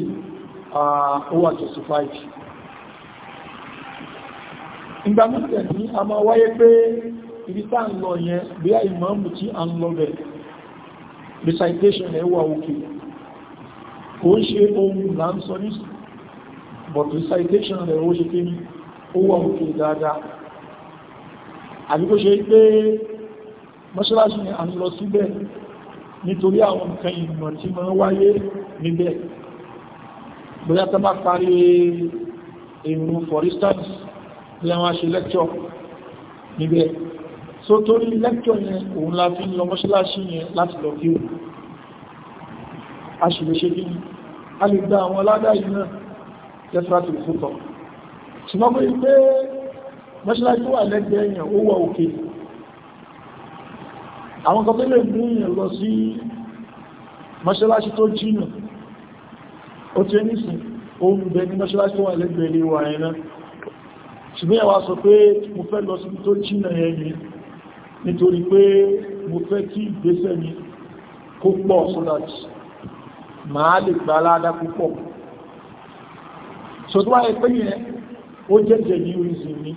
Speaker 1: ó wà justified ìgbà mẹ́rin ní a máa wáyé pé ibi tá ń lọ yẹn bí i ìmọ̀mù tí a ń lọ bẹ̀ recitation ẹ̀ wà òkè kò ń ṣe ohun là ń sọ ní but recitation rẹ̀ ó ṣe pé ní ó wà òkè dáadáa àbí kó ṣe pé mọ́ṣáláṣí ni a ń lọ síbẹ̀ nítorí àwọn nǹkan ìmọ̀ tí máa wáyé níbẹ̀ bóyá tá bá parí èrò for instance lẹ́wọ́n a ṣe lẹ́kṣọ́ níbẹ̀ so torí ni a lè gba àwọn aládá yìí náà lẹ́fàtì fúkọ̀ ṣùgbọ́n pé pé mọ́ṣáláṣí wà lẹ́gbẹ̀ẹ́ yẹn ó wà òkè àwọn kan tó lè mú yẹn lọ sí mọ́ṣáláṣí tó jìnà ó ti ẹni sìn ó ń bẹ ní mọ́ṣáláṣí tó wà lẹ́gbẹ̀ẹ́ ilé wa yẹn ṣùgbọ́n ẹwà sọ pé mo fẹ́ lọ síbi tó jìnà ẹni nítorí pé mo fẹ́ kí ìgbésẹ̀ mi kó pọ̀ sọ́lájì máa lè gba aládá púpọ̀ sọ́tọ́ wáyé pé yẹn ó jẹ́jẹ́ ní orísun mi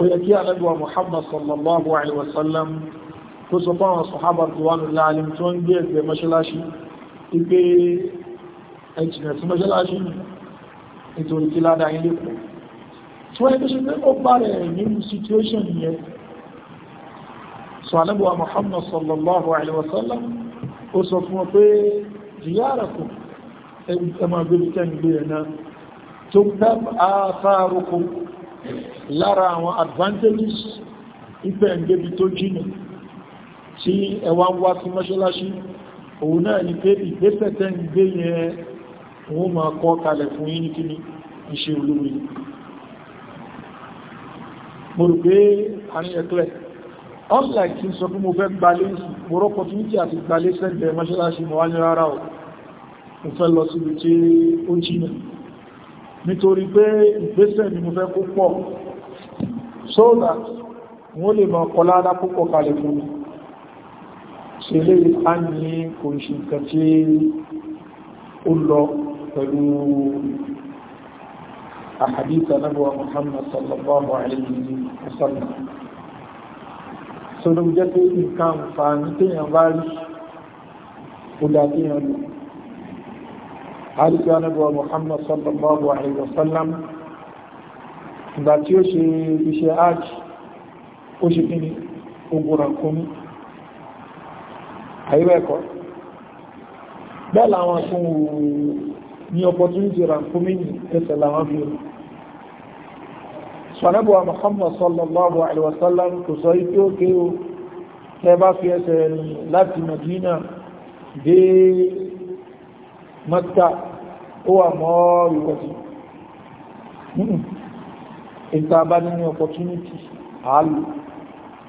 Speaker 1: ó yẹ kí alẹ́gbà Muhammad sallallahu alaihi wasallam tó sọ fáwọn sọ̀hábà tó wà nílá alim tó ń gbé ẹgbẹ́ mọ́ṣáláṣí ipé ẹjìnà sí mọ́ṣáláṣí nítorí kí ládá ilé pọ̀ so ẹni tó ṣe pé ó bá rẹ̀ nínú situation yẹn so anábọ̀wà Muhammad sallallahu alaihi wasallam ó sọ fún wọn pé ziyara kù ẹmọ agbébí tẹ́gbé ẹ̀ náà tó dám jìnà tí ẹwà ń wá sí mọ́ṣáláṣí òun náà ni pé ìgbésẹ̀ tẹ́gbé yẹn wọ́n máa kọ́ kalẹ̀ fún yín ìṣe olóore mo rò pé ẹ̀kẹ́lẹ̀ unlike kí n sọ pé mo fẹ́ gbalé mo rọ opportunity àti gbalé sẹ́gbẹ̀ mọ́ṣáláṣí mo wá ní rárá o mo fẹ́ lọ sí ibi tí ó jìnà nítorí pé ìgbésẹ̀ ni mo fẹ́ kó pọ̀ so that wọ́n lè máa kọlá dá púpọ̀ kalẹ̀ fún mi ṣe lè ní kò ń ṣe nǹkan tí ó lọ pẹ̀lú أحاديث نبوة محمد صلى الله عليه وسلم sọ́dọ̀ jẹ́ pé nǹkan fàánì téèyàn bá rí ọdá téèyàn lọ àríkà nẹ́bọ̀ Muhammad sallallahu alaihi wasallam ìgbà tí ó ṣe iṣẹ́ aj ó ṣe kí ni ogunran kúmí àyíwẹ̀kọ́ bẹ́ẹ̀ làwọn fún ní opportunity rankumi ẹsẹ̀ làwọn fi sọ̀rẹ́bùwà Muhammad sallallahu alaihi wasallam kò sọ ikú òkè o tẹ́bá fi ẹsẹ̀ láti Madina dé Mẹ́kà ó wà mọ́ ìwọ̀dí ìta hmm. bá nínú opportunity àálù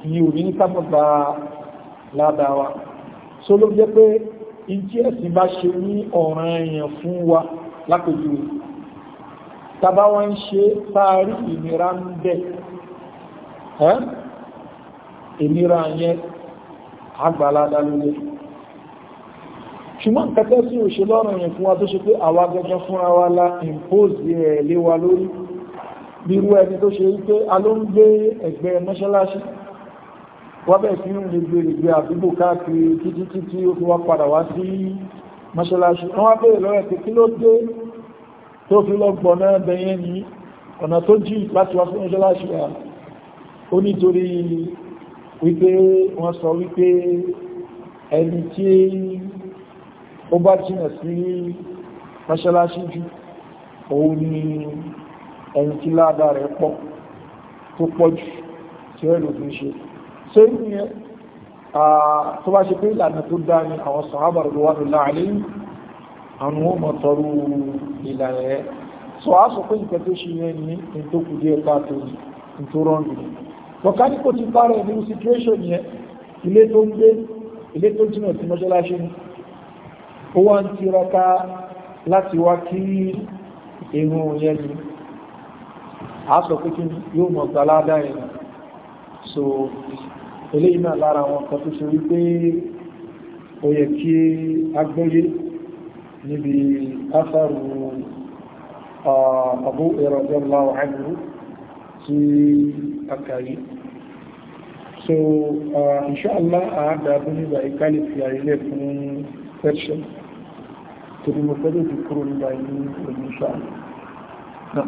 Speaker 1: ní òní ní sábàbà ládáwà so ló jẹ́ pé ìjí ẹ̀sìn bá ṣe ní ọ̀ràn èèyàn fún wa lápèjúwe tàbá wọ́n ń ṣe sáàrí ìnira ń bẹ̀ ìnira yẹn agbàládá lórí ṣùgbọ́n kẹtẹ́ sí òṣè lọ́rùn yẹn fún wa tó ṣe pé àwa gẹ́gẹ́ fúnra wa la impose ẹ̀ lé wa lórí bírú ẹni tó ṣe wípé a ló ń gbé ẹgbẹ́ mọ́ṣáláṣí wọ́n bẹ̀ sí ń gbé ìgbé àdúgbò káàkiri títí títí ó fi wá padà wá sí mọ́ṣáláṣí wọ́n wá bèèrè lọ́rẹ̀ pé kí ló dé tó fi lọ́gbọ̀n náà bẹ̀yẹn ní ọ̀nà tó jì láti wá fún ọjọ́ láṣíwá ó nítorí wípé wọ́n sọ wípé ẹni tí ó bá jìnà sí mọ́ṣáláṣí jù òun ni ẹni tí ládàá rẹ̀ pọ̀ tó pọ̀ jù tí ó rò fi ṣe tó bá ṣe pé ìlànà tó dá ní àwọn sọ̀hábàrù lọ́wọ́ àwọn ọmọ tọrọ ìlànà ẹ sọ á sọ pé nǹkan tó ṣe yẹn ní nítòkù díẹ̀ káàtó nítòrọ́nù mọ̀káníkò ti parọ́ ìlú situation yẹn ilé tó ń gbé ilé tó jìnà sí mọ́ṣáláṣí ni ó wá ń tiraka láti wá kí irun yẹn ni a sọ pé kí yóò mọ̀ gbalada yẹn so eléyìí náà lára àwọn kan tó ṣe wípé ó yẹ kí agbóyé níbi afẹ́rù Abu radiyallahu anhu tí akàyí so inṣáàlá àádábú nígbà ìkálì fi àrílẹ̀ fún fẹ́ṣẹ́ torí mo fẹ́ lè fi kúrò nígbà yìí òní náà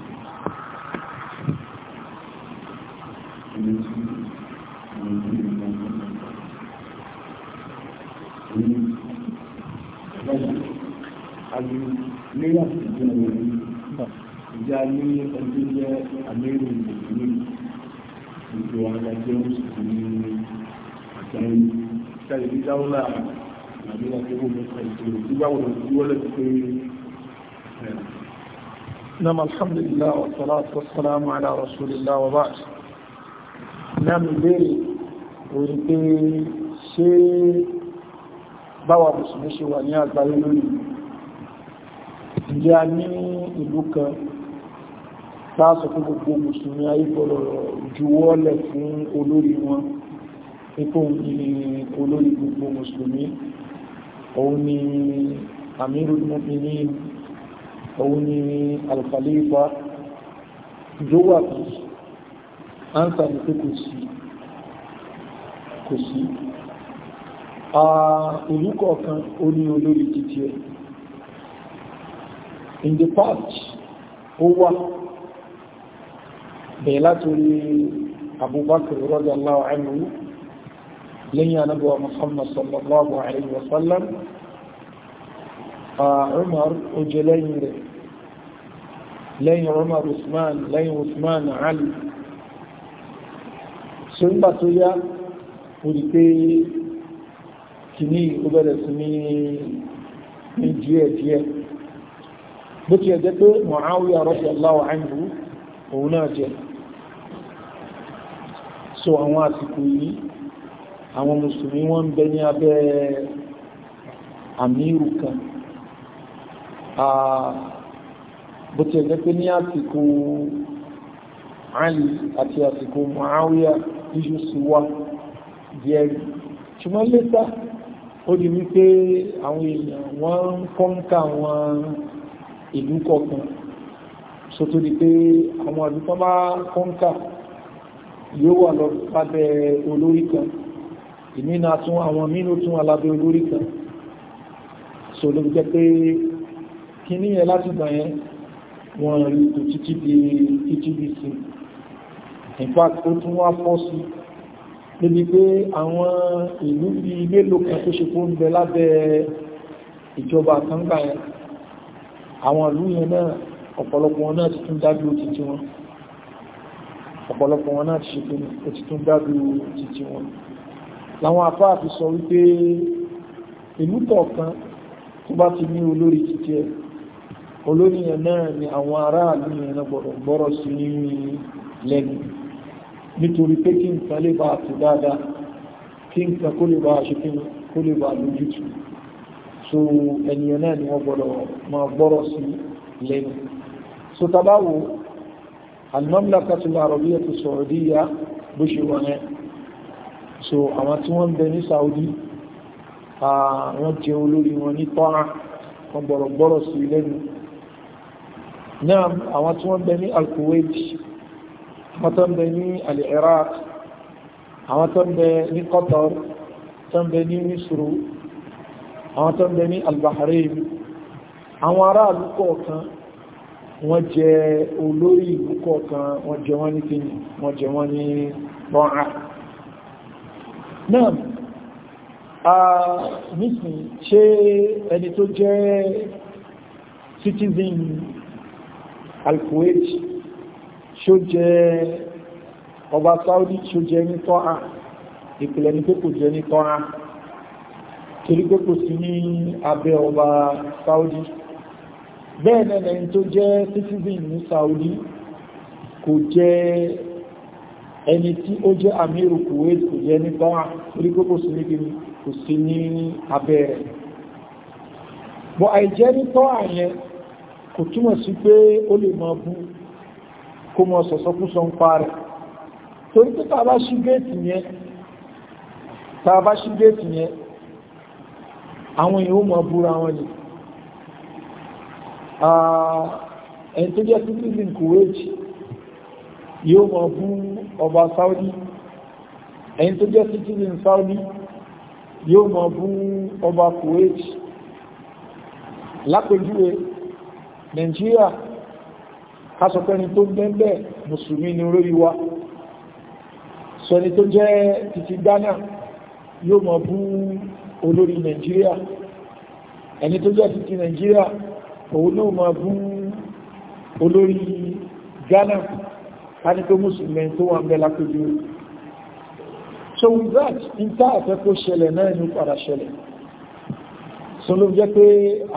Speaker 1: jẹ́ mùsùlùmí àtàrí sáré bí dáwọ́lá àbí àti owó mẹ́ta ìṣòro tí báwo ló ti wọ́lẹ̀ ti pé ṣe wà ní àgbáyé lónìí ìjẹ́ a ní ìlú kan táàsù fún gbogbo mùsùlùmí ayé gbọ́dọ̀ juwọ́lẹ̀ fún olórí wọn ipò ní olórí gbogbo mùsùlùmí òun ni amirul mu'minin òun ni al-khalifa jówà bí ánsà ní pé kò sí kò sí ìlú kọ̀ọ̀kan ó ní olórí títí ẹ̀ in the past ó wà bẹ̀rẹ̀ látòrí abubakar radiyallahu anhu lẹ́yìn anábọ̀wà muhammad sallallahu alayhi wa sallam ah, umar ó jẹ lẹ́yìn rẹ̀ lẹ́yìn umar usman lẹ́yìn usman ali ṣe ń gbà tó yá orí pé kìíní ó bẹ̀rẹ̀ sí ní ní bó ti ẹ̀jẹ́ pé muawiya radiyallahu anhu òun náà jẹ́ so àwọn àsìkò yìí àwọn mùsùlùmí wọ́n ń bẹ ní abẹ́ àmírù kan bó ti ẹ̀jẹ́ pé ní àsìkò Ali àti àsìkò Muawiya iṣu sí wá díẹ̀rì ṣùgbọ́n lẹ́ta ó di wípé àwọn èèyàn wọ́n ń kọ́ńkà àwọn ìlú kọ̀ọ̀kan so tó di pé àwọn àdúgbò bá kọ́ńkà yóò wà lọ lábẹ́ olórí kan ìmínà tún àwọn mínú tún alábẹ́ olórí kan so ló jẹ́ pé kí ní ẹ láti gbà yẹn wọ́n rí tó títí di títí di sí in fact ó tún wá fọ́ sí níbi pé àwọn ìlú bí mélòó kan tó ṣe ń bẹ lábẹ́ ìjọba kan gbà yẹn àwọn ìlú yẹn náà ọ̀pọ̀lọpọ̀ náà ti tún dájú ó wọn ọ̀pọ̀lọpọ̀ wọn náà ti ṣe pinnu ó ti tún gbádù títí wọn láwọn afáà fi sọ wípé ìlú kọ̀ọ̀kan tó bá ti ní olórí títí ẹ olórí yẹn náà ni àwọn aráàlú yẹn náà gbọ́dọ̀ gbọ́rọ̀ sí ní lẹ́nu nítorí pé kí nǹkan lè bá àti dáadáa kí nǹkan kó lè bá a kí kó lè bá a so ènìyàn náà ni wọ́n gbọ́dọ̀ máa gbọ́rọ̀ sí lẹ́nu so tabawo al-Mamlakatu al-Arabiyyatu as-Saudiyya bó ṣe wọ́n yẹn so àwọn tí wọ́n ń bẹ ní Saudi wọ́n jẹ olórí wọn ní tọ́ra wọn bọ̀rọ̀ gbọ́rọ̀ sí lẹ́nu náà àwọn tí wọ́n bẹ ní al-Kuwait àwọn tó ń bẹ ní al-Iraq àwọn tó ń bẹ ní Qatar tó ń bẹ ní Misru àwọn tó ń bẹ ní al-Bahrain àwọn aráàlú kọ̀ọ̀kan wọ́n jẹ olórí ìlú kọ̀ọ̀kan wọ́n jẹ wọ́n ní kíni wọ́n jẹ wọ́n ní rọ́nà náà nísìn ṣe ẹni tó jẹ́ citizen al-Kuwait ṣó jẹ ọba Saudi ṣó jẹ ní tọ́ra ìpìlẹ̀ ní pé kò jẹ ní tọ́ra torí sí ní abẹ́ ọba Saudi bẹ́ẹ̀ nẹ́lẹ̀ tó jẹ́ citizen ní Saudi kò jẹ́ ẹni tí ó jẹ́ amiru Kuwait kò jẹ́ ní báwà orígbó kò sí nígbìmí kò sí ní abẹ́rẹ̀ bọ́ àìjẹ́ ní tọ́ àyẹn kò túmọ̀ sí pé ó lè máa bú kó mọ sọ̀sọ́kúsọ ń pa rẹ̀ torí pé tàbá sí géètì yẹn tàbá sí géètì yẹn àwọn èèyàn ó mọ búra wọn nìí Ah, ẹni tó jẹ́ citizen Kuwait yóò mọ̀ fún ọba Saudi ẹni tó jẹ́ citizen Saudi yóò mọ̀ fún ọba Kuwait lápẹjúwe Nàìjíríà kásọpẹ́ni tó gbẹ́gbẹ́ mùsùlùmí ni olórí wa sọni tó jẹ́ títí Ghana yóò mọ̀ fún olórí Nàìjíríà ẹni tó jẹ́ títí Nàìjíríà òun ló máa bú olórí Ghana káníkó mùsùlùmí tó wà ń bẹ lápẹjú so with that in tá àfẹ́ kó ṣẹlẹ̀ náà ní padà ṣẹlẹ̀ so ló jẹ́ pé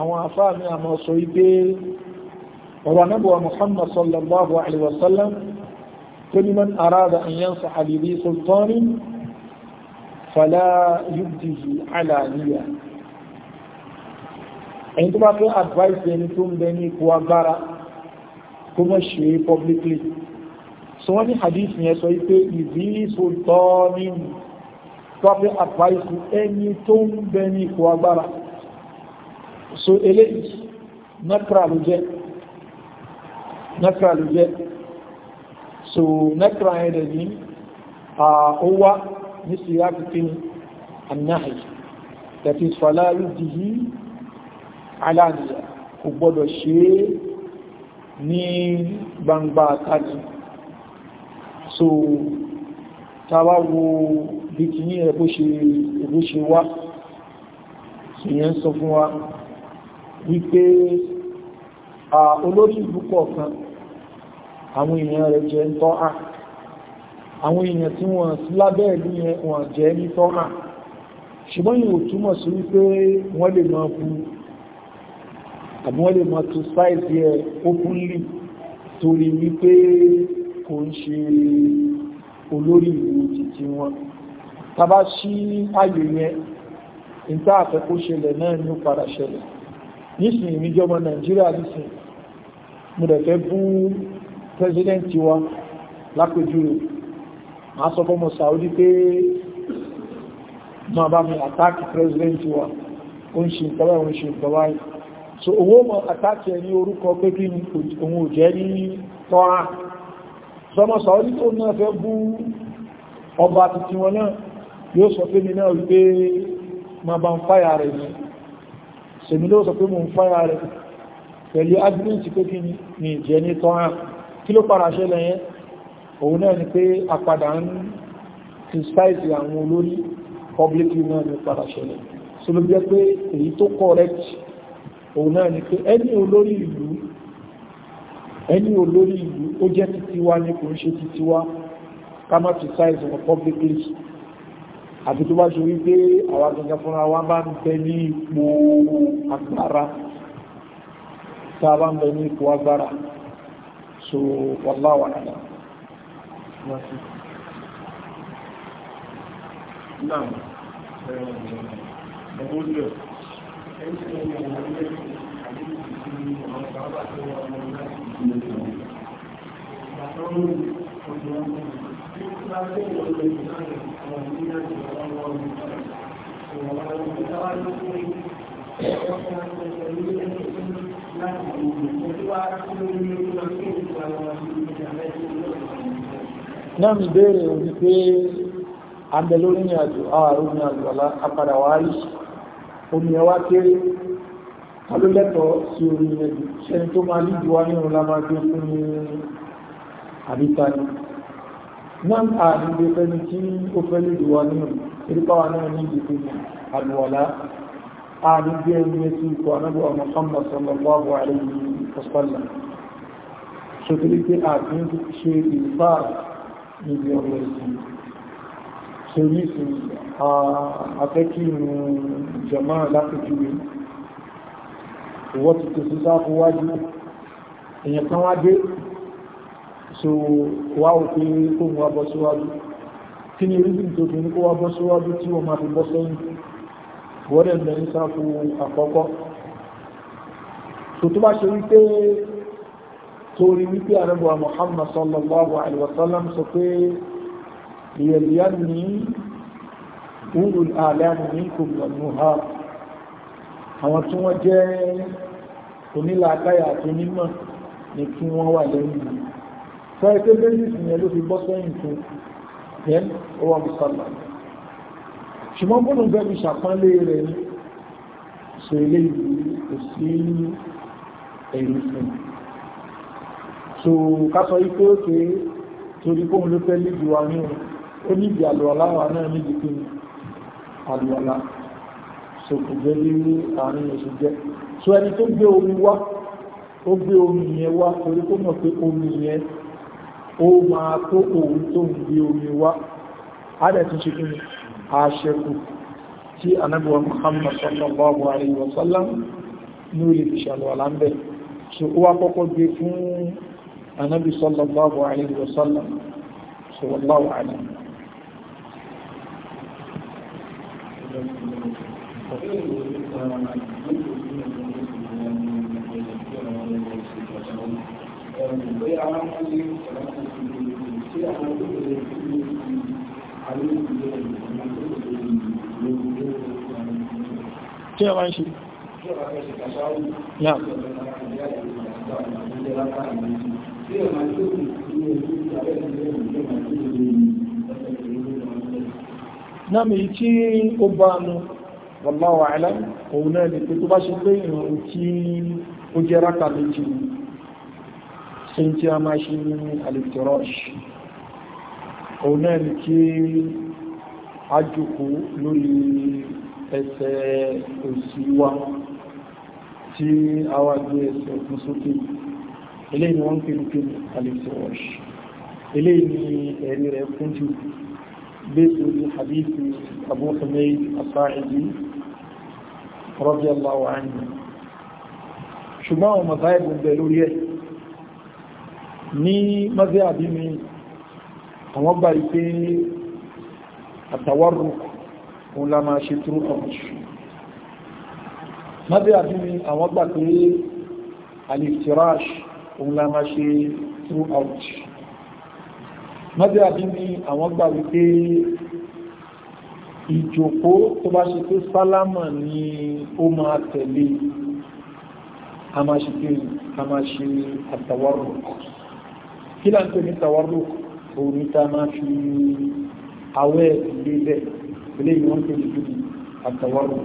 Speaker 1: àwọn afá mi àmọ́ sọ wípé ọ̀rọ̀ anábọ̀wà Muhammad sallallahu alaihi wasallam tó ní man arada an yansa habibi sultanin fala yubdihi alaniya ẹni tó bá fẹ́ advice ẹni tó ń bẹ ní ipò agbára kó mọ̀ ṣe publicly so wọ́n ní hadith yẹn sọ wípé ìdí sòtọ́ nínú tó bá fẹ́ advice ẹni tó ń bẹ ní ipò agbára so eléyìí nẹ́kra ló jẹ́ nẹ́kra ló jẹ́ so nẹ́kra yẹn dẹ̀ ní ó wá ní síyá kìkìnnì annáhì that is fàlàyé dìhí aláàdìyà kò gbọdọ̀ ṣe é ní gbangba tàbí so tàbá wo bí kí ní ẹ̀bó ṣe wá ṣìyẹn sọ fún wa wípé a olórí ìlú kọ̀ọ̀kan àwọn èèyàn rẹ̀ jẹ́ ń tọ́ à àwọn èèyàn tí wọ́n sí lábẹ́ ìlú yẹn wọ́n jẹ́ ní tọ́ ṣùgbọ́n yìí ò sí wípé wọ́n lè máa fún àbí wọ́n lè mọ́ tó sáìsì ẹ̀ openly torí wípé kò ń ṣe olórí ìlú títí wọn tàbá sí ayò yẹn níta àfẹ́kó ṣẹlẹ̀ náà ní ó padà ṣẹlẹ̀ nísìnyí níjọba nàìjíríà nísìnyí mo dẹ̀ bú pẹ́sidẹ́ntì wa lápèjúwe máa sọ fọ́mọ Saudi pé máa bá mi àtáàkì pẹ́sidẹ́ntì wa ó ń ṣe ìtọ́wà ó ń ṣe ìtọ́wà yìí so owó mọ̀ àtàkì ẹni orúkọ pé kí òun ò jẹ́ ní tọ́ra sọmọ sọ̀rọ̀ ní tó náà fẹ́ bú ọba tuntun wọn náà yóò sọ pé mi náà wípé ma bá ń fáyà rẹ̀ ní sèmi ló sọ pé mo ń fáyà rẹ̀ pẹ̀lú agbíǹtì pé kí ni ìjẹ́ ní tọ́ra kí ló para ṣẹlẹ̀ yẹn òun náà ni pé apadà ń criticize àwọn olórí public union ní para ṣẹlẹ̀ so òun náà ni pé ẹni olórí ìlú ẹni olórí ìlú ó jẹ́ titiwa ní kò ń ṣe titiwa ká má ti size wọn publicly àti tó bá ṣe wípé àwọn agbẹ̀gbẹ̀ fúnra wa bá ń bẹ ní ipò agbára tá a bá ń bẹ ní ipò agbára so wàláwà náà
Speaker 2: Now, um, the whole year
Speaker 1: náà mi bèèrè wípé abẹ lórí ìrìnàjò ààrùn ìrìnàjò alápàdà wáyé omi ẹwà kéré alólẹ́tọ̀ sí orí ilẹ̀ ṣẹni tó máa lìdí wá nínú lámájú fún ní àbítani náà àdìgbé fẹ́ni tí ó fẹ́ lìdí wá nínú erípáwà náà ní ìdìbò àlùwàlá àdìgbé ẹni ẹtí ikọ̀ torí sí afẹ́kínú jama lápẹjúwe wọ́n ti tó sí sáfú wájú èyàn kan wá dé so wá ò pé kó mú abọ́ síwájú kí ni orílẹ̀ tó fi ní kó wá bọ́ síwájú tí wọ́n máa fi bọ́ sẹ́yìn wọ́n dẹ̀ mẹ́rin sáfú àkọ́kọ́ so tó bá ṣe wípé torí wípé àrẹ́bọ̀ Muhammad sallallahu alaihi wasallam sọ pé ليليني أولو الآلام منكم والنهار àwọn tí wọ́n jẹ́ onílàákáyà àti onímọ̀ ni kí wọ́n wà lẹ́yìn mi sọ ẹ́ pé bẹ́yìn ìyẹn ló fi bọ́ sẹ́yìn fún yẹn ó wà mùsàlá ṣùgbọ́n bọ́nà bẹ́ẹ̀ mi ṣàpọ́nlé rẹ̀ ni sọ eléyìí kò sí ẹ̀rí fún so ká sọ yí pé ó níbi àlùwàlá wa náà níbi kí àlùwàlá so kò jẹ́ bí àárín oṣù jẹ́ so ẹni tó gbé omi wá ó gbé omi yẹn wá torí kó mọ̀ pé omi yẹn ó máa tó òun tó ń gbé omi wá á dẹ̀ tún ṣe kí ni àṣẹkù tí anábíwa Muhammad sallallahu alaihi wasallam ní olè fi ṣàlùwàlá ń bẹ̀ so ó wá kọ́kọ́ gbé fún anábí sallallahu alaihi wasallam so wallahu alam Kí ọmọ ń ṣe?
Speaker 2: Náà. Tí ọmọ ń ṣe
Speaker 1: náà mi tí ó bá nu wallahu a'lam òun náà ni pé tó bá ṣe pé ìrùn tí ó jẹ́ rákà méjì sí tí a máa ṣe ní alìtìrọ́ṣì òun ni wọ́n ń pè ní pé alìtìrọ́ṣì eléyìí ni ẹ̀rí rẹ̀ kún jù بيت حديث أبو حميد الصاعدي رضي الله عنه ṣùgbọ́n mazhaib ń bẹ lórí ẹ̀ ní mazhabi ni àwọn gbà ìpé àtàwárù òun la máa ṣe tún ọmọṣù mazhabi ni àwọn gbà pé aliftirash òun la máa ṣe tún ọmọṣù mọ́jọ́ àbí ni àwọn gbà wípé ìjòkó tó bá ṣe pé sálámà ni ó máa tẹ̀lé a máa ṣe pé a máa ṣe àtàwárò kí là ń pè ní tàwárò òun ní ta máa fi awẹ́ ìlélẹ̀ ilé ìwọ̀n pè ní bíbí àtàwárò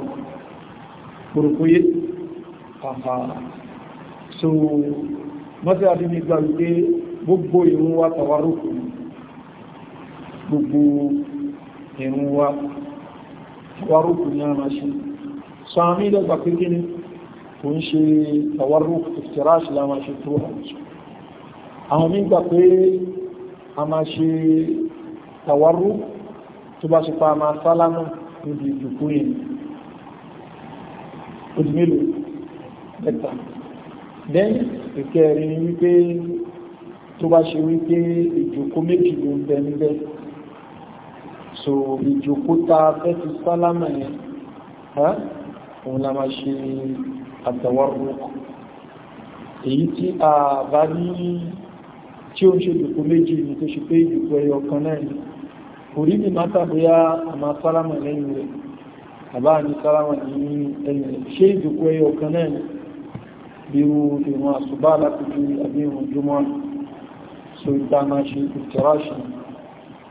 Speaker 1: pòròkóyé àhà so mọ́jọ́ àbí ni gbà wípé gbogbo ìrún wa tàwárò gbogbo ẹ̀rùn wa tawarruku ní a máa ṣe sọ àmì ìdọ́gba pínpín ní kò ń ṣe tawarruku iftirash la máa ṣe tó àwọn mí gbà pé a máa ṣe tawarruku tó bá ṣe pa a máa sálámù níbi ìdùkú yìí ojúmílò mẹ́ta then ìkẹrin wípé tó bá ṣe wípé ìjòkó méjì ló ń bẹ níbẹ̀ so ìjòkúta fẹ́ ti sálámà yẹn òun la máa ṣe àtàwárò èyí tí a bá ní tí ó ń ṣe ìjòkó méjì ní tó ṣe pé ìjòkó ẹyọ kan náà ni orí mi máa tàbíyá a máa sálámà lẹ́yìn rẹ̀ àbá ní sálámà ní ẹ̀yìn rẹ̀ ṣé ìjòkó ẹyọ kan náà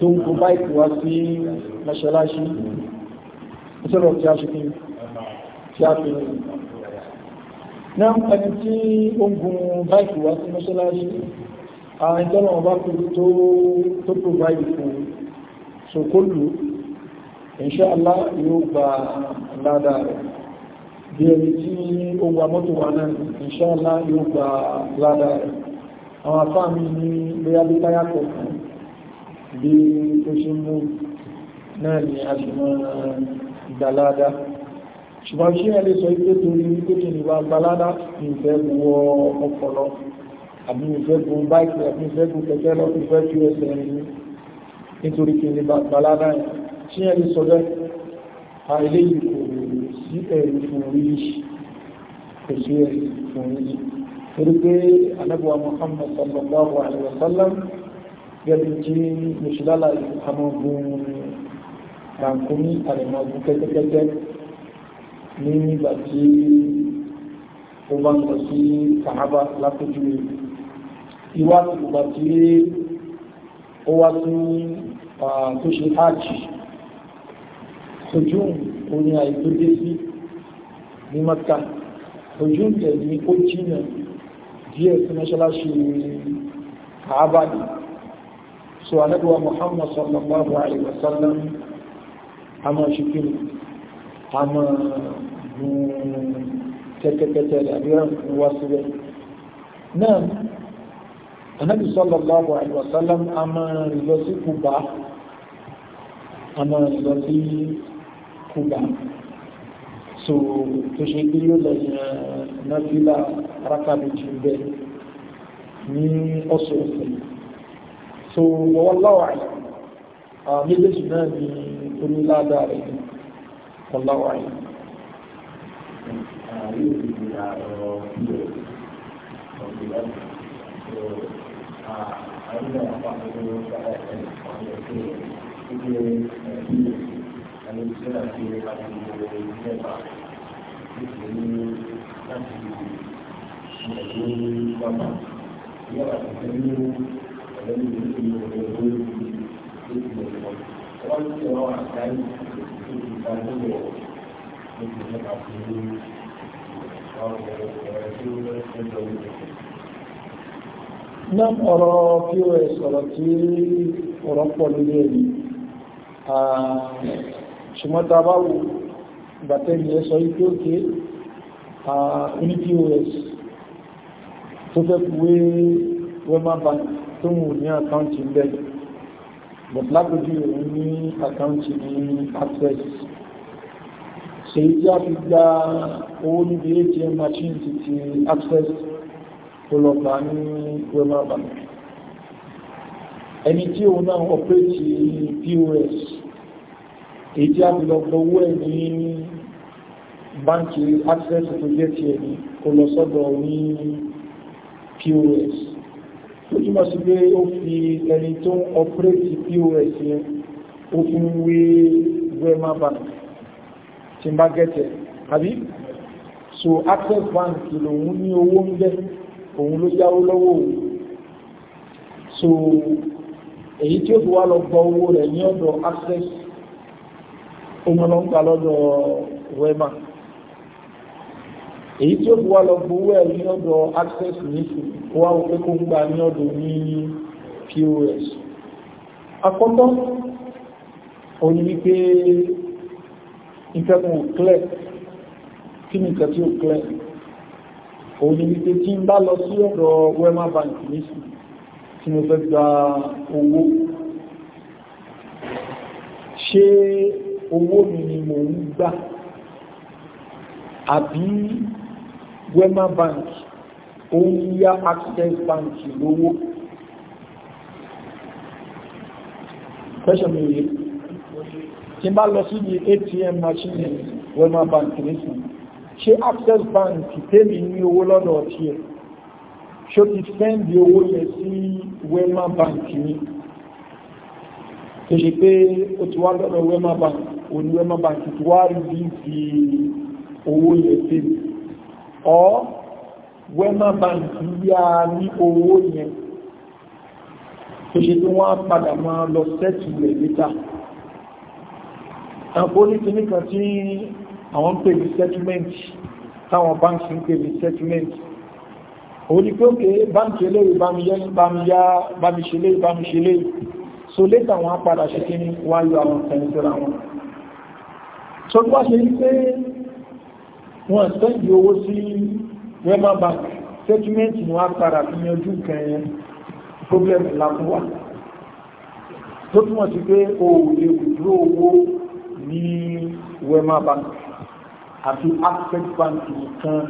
Speaker 1: tó ń kó báìkì wá sí mọ́ṣáláṣí ìṣẹ́lọ̀ tí a ṣe kí tí a fi rìn náà ẹni tí ó ń gun báìkì wá sí mọ́ṣáláṣí àwọn ìjọ́nà ọba tó tó provide fún ṣokólù insha Allah yóò gba ládàá rẹ̀ bí ẹni tí ó wà mọ́tò wà náà insha Allah yóò gba ládàá rẹ̀ àwọn afáàmì ní lóyá kọ̀ọ̀kan bí ó ṣe mú náà ni a ṣe mọ́ ìgbàládá ṣùgbọ́n ṣí ẹ lè sọ pé torí pé kí ni wà gbaládá ní ìfẹ́ wọ ọkọ̀ lọ àbí ìfẹ́ gun báìkì àbí ìfẹ́ gun kẹ̀kẹ́ lọ ìfẹ́ fi ẹsẹ̀ rìn nítorí kí ni gbaládá yẹn ṣí ẹ lè sọ bẹ́ẹ̀ a ilé yìí kò sí ẹ̀rù fún oríṣi kò sí ẹ̀rù fún oríṣi torí pé anábùwà Muhammad sallallahu alaihi wa sallam gẹ́gẹ́ tí mùsùlálà àmọ́gun ràǹkúmí àrẹ̀mọ́gun kẹ́tẹ́kẹ́tẹ́ ní nígbà tí ó bá ń lọ sí kàábà lápójú rẹ̀ ìwá ìgbà tí ó wá sí tó ṣe áàjì ojú oní àìdódé sí ní mọ́ta ojú ìtẹ̀ ó jìnà díẹ̀ sí mọ́ṣáláṣí kàábà nìí so alẹ́gbẹ̀wà Muhammad sallallahu alaihi wasallam a máa ṣíkiri a máa kẹ́kẹ́kẹ́kẹ́ àríwá wá sílẹ̀ náà anábì sallallahu alaihi wasallam a máa rìn lọ sí Kúbà a máa rìn lọ sí Kúbà so tó ṣe kí yóò lẹ́yìn eh, náà fílà rákàbí jù bẹ́ẹ̀ ní ọ̀sọ̀ọ̀sẹ̀ so wọ́n láwà yìí méjèèjì náà ni orí ládàá rẹ̀ yìí wọ́n láwà yìí.
Speaker 2: Thank you. Nam ọ̀rọ̀
Speaker 1: kí ó ẹ̀ sọ̀rọ̀ tí ọ̀rọ̀ pọ̀ lórí ẹ̀mí. Ṣùgbọ́n ta bá wù bàtẹ́ni ẹ sọ ikú òkè ní POS tó fẹ́ kúwé Wema Bank tó mú ní àkáǹtì bẹ́ẹ̀ but lápòjú òun ní àkáǹtì ní access ṣèyí tí a fi gba owó níbi atm machine ti ti access tó lọ gbà ní wema bank ẹni tí òun náà operate pos èyí tí a fi lọ gbọ́ owó ẹ̀ ní báńkì access tó jẹ́ ti ẹ̀ ní kò lọ sọ́dọ̀ ní pos ó túmọ̀ sí pé ó fi ẹni tó ń ọpẹ́rẹ́tì pos yẹn ó fi ń wé wema bank tí n bá gẹ́tẹ̀ àbí so access bank lòun ní owó ń bẹ́ òun ló yáwó lọ́wọ́ òun so èyí tí ó fi wá lọ gba owó rẹ̀ ní ọ̀dọ̀ access ohun ló ń gbà lọ́dọ̀ wema èyí tí ó fi wá lọ gbowó ẹ̀ ní ọ̀dọ̀ access nísìnyí wá wípé kó gbà ní ọdún ní pos akọ́tọ́ òní wípé ìfẹ́kùn clear kí ni ìkẹ́ tí ó clear òní wípé tí ń bá lọ sí ọ̀dọ̀ wema bank nísì tí mo fẹ́ gba owó ṣé owó mi ni mo ń gbà àbí wema bank ó ń yá access bank lówó question mi yìí tí bá lọ sí ní atm machine wema bank nìsìn ṣé access bank tẹ́lì ní owó lọ́dọ̀ ọ̀tí ẹ̀ ṣó ti sẹ́ndì owó yẹ sí wema bank ní tó ṣe pé ó ti wá lọ́dọ̀ wema bank òní wema bank ti wá rí bí ti owó yẹ tẹ́lì ọ́ wema báńkì yá ní owó yẹn tó ṣe tí wọ́n padà máa lọ sẹ́tù rẹ̀ níta àpò ní kíní kan tí àwọn ń pè ní settlement táwọn báńkì ń pè ní settlement òun ni pé òkè báńkì eléyìí bá mi yá bá mi yá bá mi ṣe léyìí bá mi ṣe léyìí so létà wọn á padà ṣe kíní wọ́n á yọ àwọn kẹ́yìn síra wọn so bí ṣe ní pé wọ́n sẹ́yìn owó sí Wema Bank settlement ni wọ́n padà fi yanjú nǹkan yẹn problem ńlá fún wa tó túmọ̀ sí pé o ò lè dúró owó ní Wema Bank àti Access Bank nìkan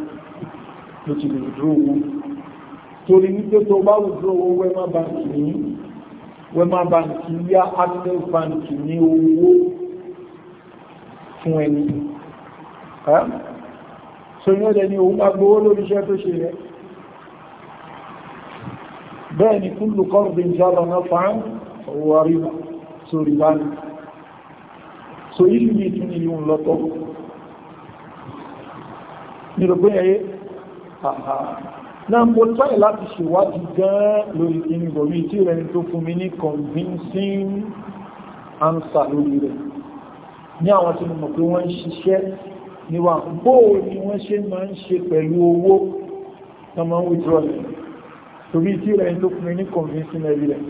Speaker 1: ló ti lè dúró owó torí wípé tó bá wù dúró owó Wema Bank ní Wema Bank yá Access Bank ní owó fún ẹni. Huh? so ní ó lẹ ní òun bá gbówó lórí iṣẹ́ tó ṣe rẹ̀ bẹ́ẹ̀ ni kúlù kọ́rùn-ún jára náà fàán wà rí sórí bá ní so ìlú ní tún ní ìlú lọ́tọ́ ní rògbé ẹyẹ náà mo tọ́ẹ̀ láti ṣèwádìí gan lórí ìrìnbọ̀mí tí rẹ̀ tó fún mi ní convincing answer lórí rẹ̀ ní àwọn tí mo mọ̀ pé wọ́n ń ṣiṣẹ́ níwà bóò ni wọ́n ṣe máa ń ṣe pẹ̀lú owó tọmọ withdrawal torí tí rẹ̀ tó fún ní convincing evidence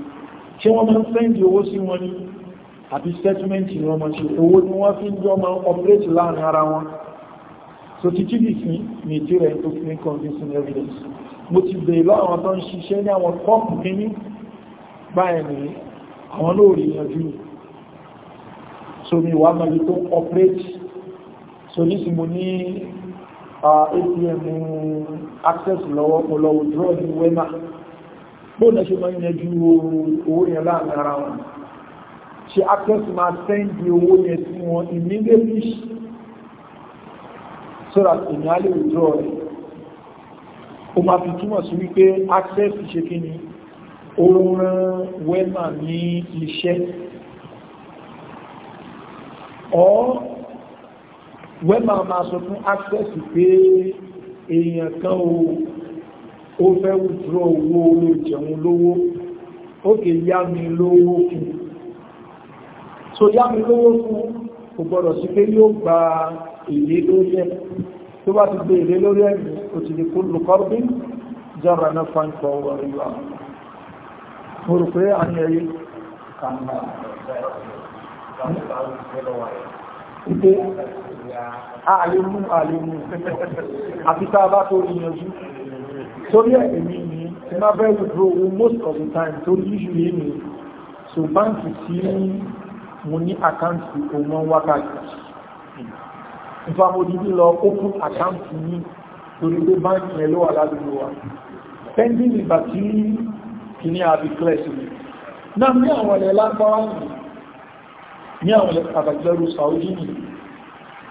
Speaker 1: ṣé wọ́n máa ń sẹ́ndì owó sí wọn ní àti statement ni wọ́n máa ṣe owó ni wọ́n fi ń jọ máa operate láàrin ara wọn so títí dì sí ní tí rẹ̀ tó fún ní convincing evidence mo ti bèèrè láwọn tó ń ṣiṣẹ́ ní àwọn kọ́ọ̀pù kínní báyìí nìyí àwọn lóòrì yanjú so mi wà máa tó operate so nísì mo ní atm access lọ́wọ́ mo lọ withdraw ní wema bóòlù ṣe máa ń yanjú owó yẹn láàrin ara wọn ṣe access máa sẹ́ndì owó yẹn sí wọn immediately so that èmi á lè withdraw rẹ̀ o máa fi túmọ̀ sí wípé access ṣe kí ni ó rán wema ní iṣẹ́ wẹ́mà máa sọ fún access pé èèyàn kan o ó fẹ́ withdraw owó orí ìjẹun lówó ó kè yá mi lówó fún so yá mi lówó fún kò gbọ́dọ̀ sí pé yóò gba èlé lórí ẹ̀ tó bá ti gbé èlé lórí ẹ̀ ó ti lè kó lùkọ́rbí jára náà fáńkọ̀ ọ̀rọ̀ ìwà mo rò pé àmì ẹ̀yẹ kàńtà ìpé àlemú àlemú àti tá a bá tó ìyànjú torí ẹ̀mí ni tí má bẹ́ẹ̀ withdraw owó most of the time tó yíṣù yé mi so báńkì tí mo ní àkáǹtì òun wákàtí nípa mo dídí lọ open àkáǹtì ní torí pé báńkì yẹn ló wà ládùúgbò wa pending ìgbà tí kìíní àbí clẹ́sì náà ní àwọn ilẹ̀ lágbáwá ní àwọn ilẹ̀ pàtàkì lẹ́rù Saudi nìyí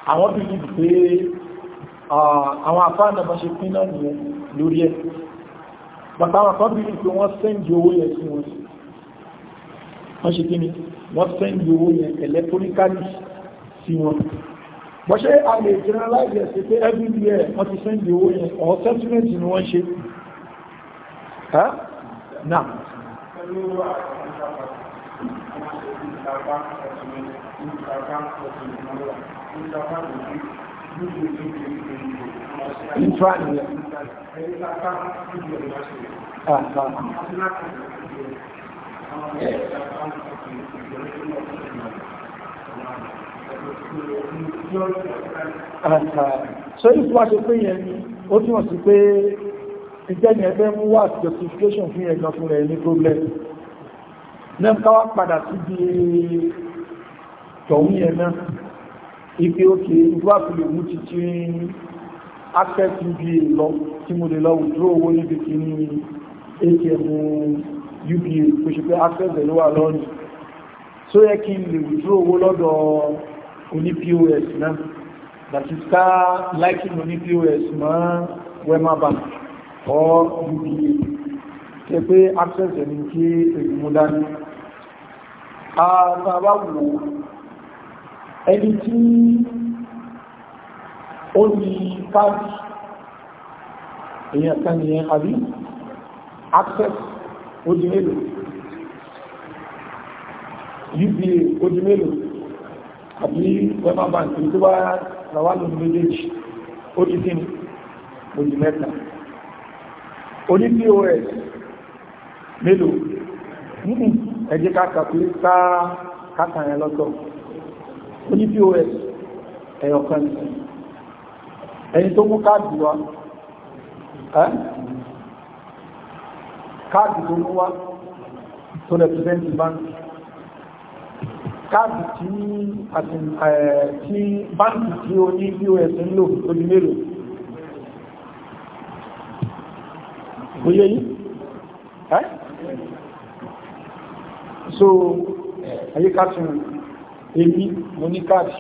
Speaker 1: àwọn bí i pé àwọn afáàdàbà ṣe pín náà nìyẹn lórí ẹ̀ bàtà àwọn kan bí i pé wọ́n sẹ́ndì owó yẹn sí wọn wọ́n ṣe kí ni wọ́n sẹ́ndì owó yẹn electronically sí wọn bọ́ṣẹ́ a lè generalize ẹ̀ sí pé everywhere wọ́n ti sẹ́ndì owó yẹn ọ̀ settlement ni wọ́n ṣe ìtura nìyẹn. so if wá ṣe pé yẹn ó túnmọ̀ sí pé ìjẹ́ni ẹgbẹ́ mú wà justification fún ẹ̀gbọ́n fún rẹ̀ ní problem náà káwà padà sí bí tọ̀hún yẹn náà ipe òkè ìgbà fi lè mú títí access uba lọ tí mo lè lọ wùdúró owó níbi kí ní atm uba kò ṣe pé access ẹ̀ ló wà lọ́nà tó yẹ kí n lè wùdúró owó lọ́dọ̀ oní pos náà láti ká láìkí oní pos mọ́ wema bank or uba tẹ pé access ẹ̀ ní kí èyí mú dání àtàbáwò ah, ẹni tí ó ní káàdì èyàn kan nìyẹn àbí access ó di mélòó uba ó di mélòó àbí wema bank tó bá ràwá lónìí méjèèjì ó di kíni ó di mẹ́ta oní pos mélòó hmm, ẹjẹ́ ká kàkúrí sáà kákàrẹ lọ́tọ̀ọ́ oní pos ẹ̀yọ̀kan ẹni tó mú káàdì wá káàdì tó mú wá tó represent báńkì káàdì tí báńkì tí ó ní pos ń lò tó di mélòó Oye yìí? Ẹ́? So, ayé ká tún èmi mo ní káàdì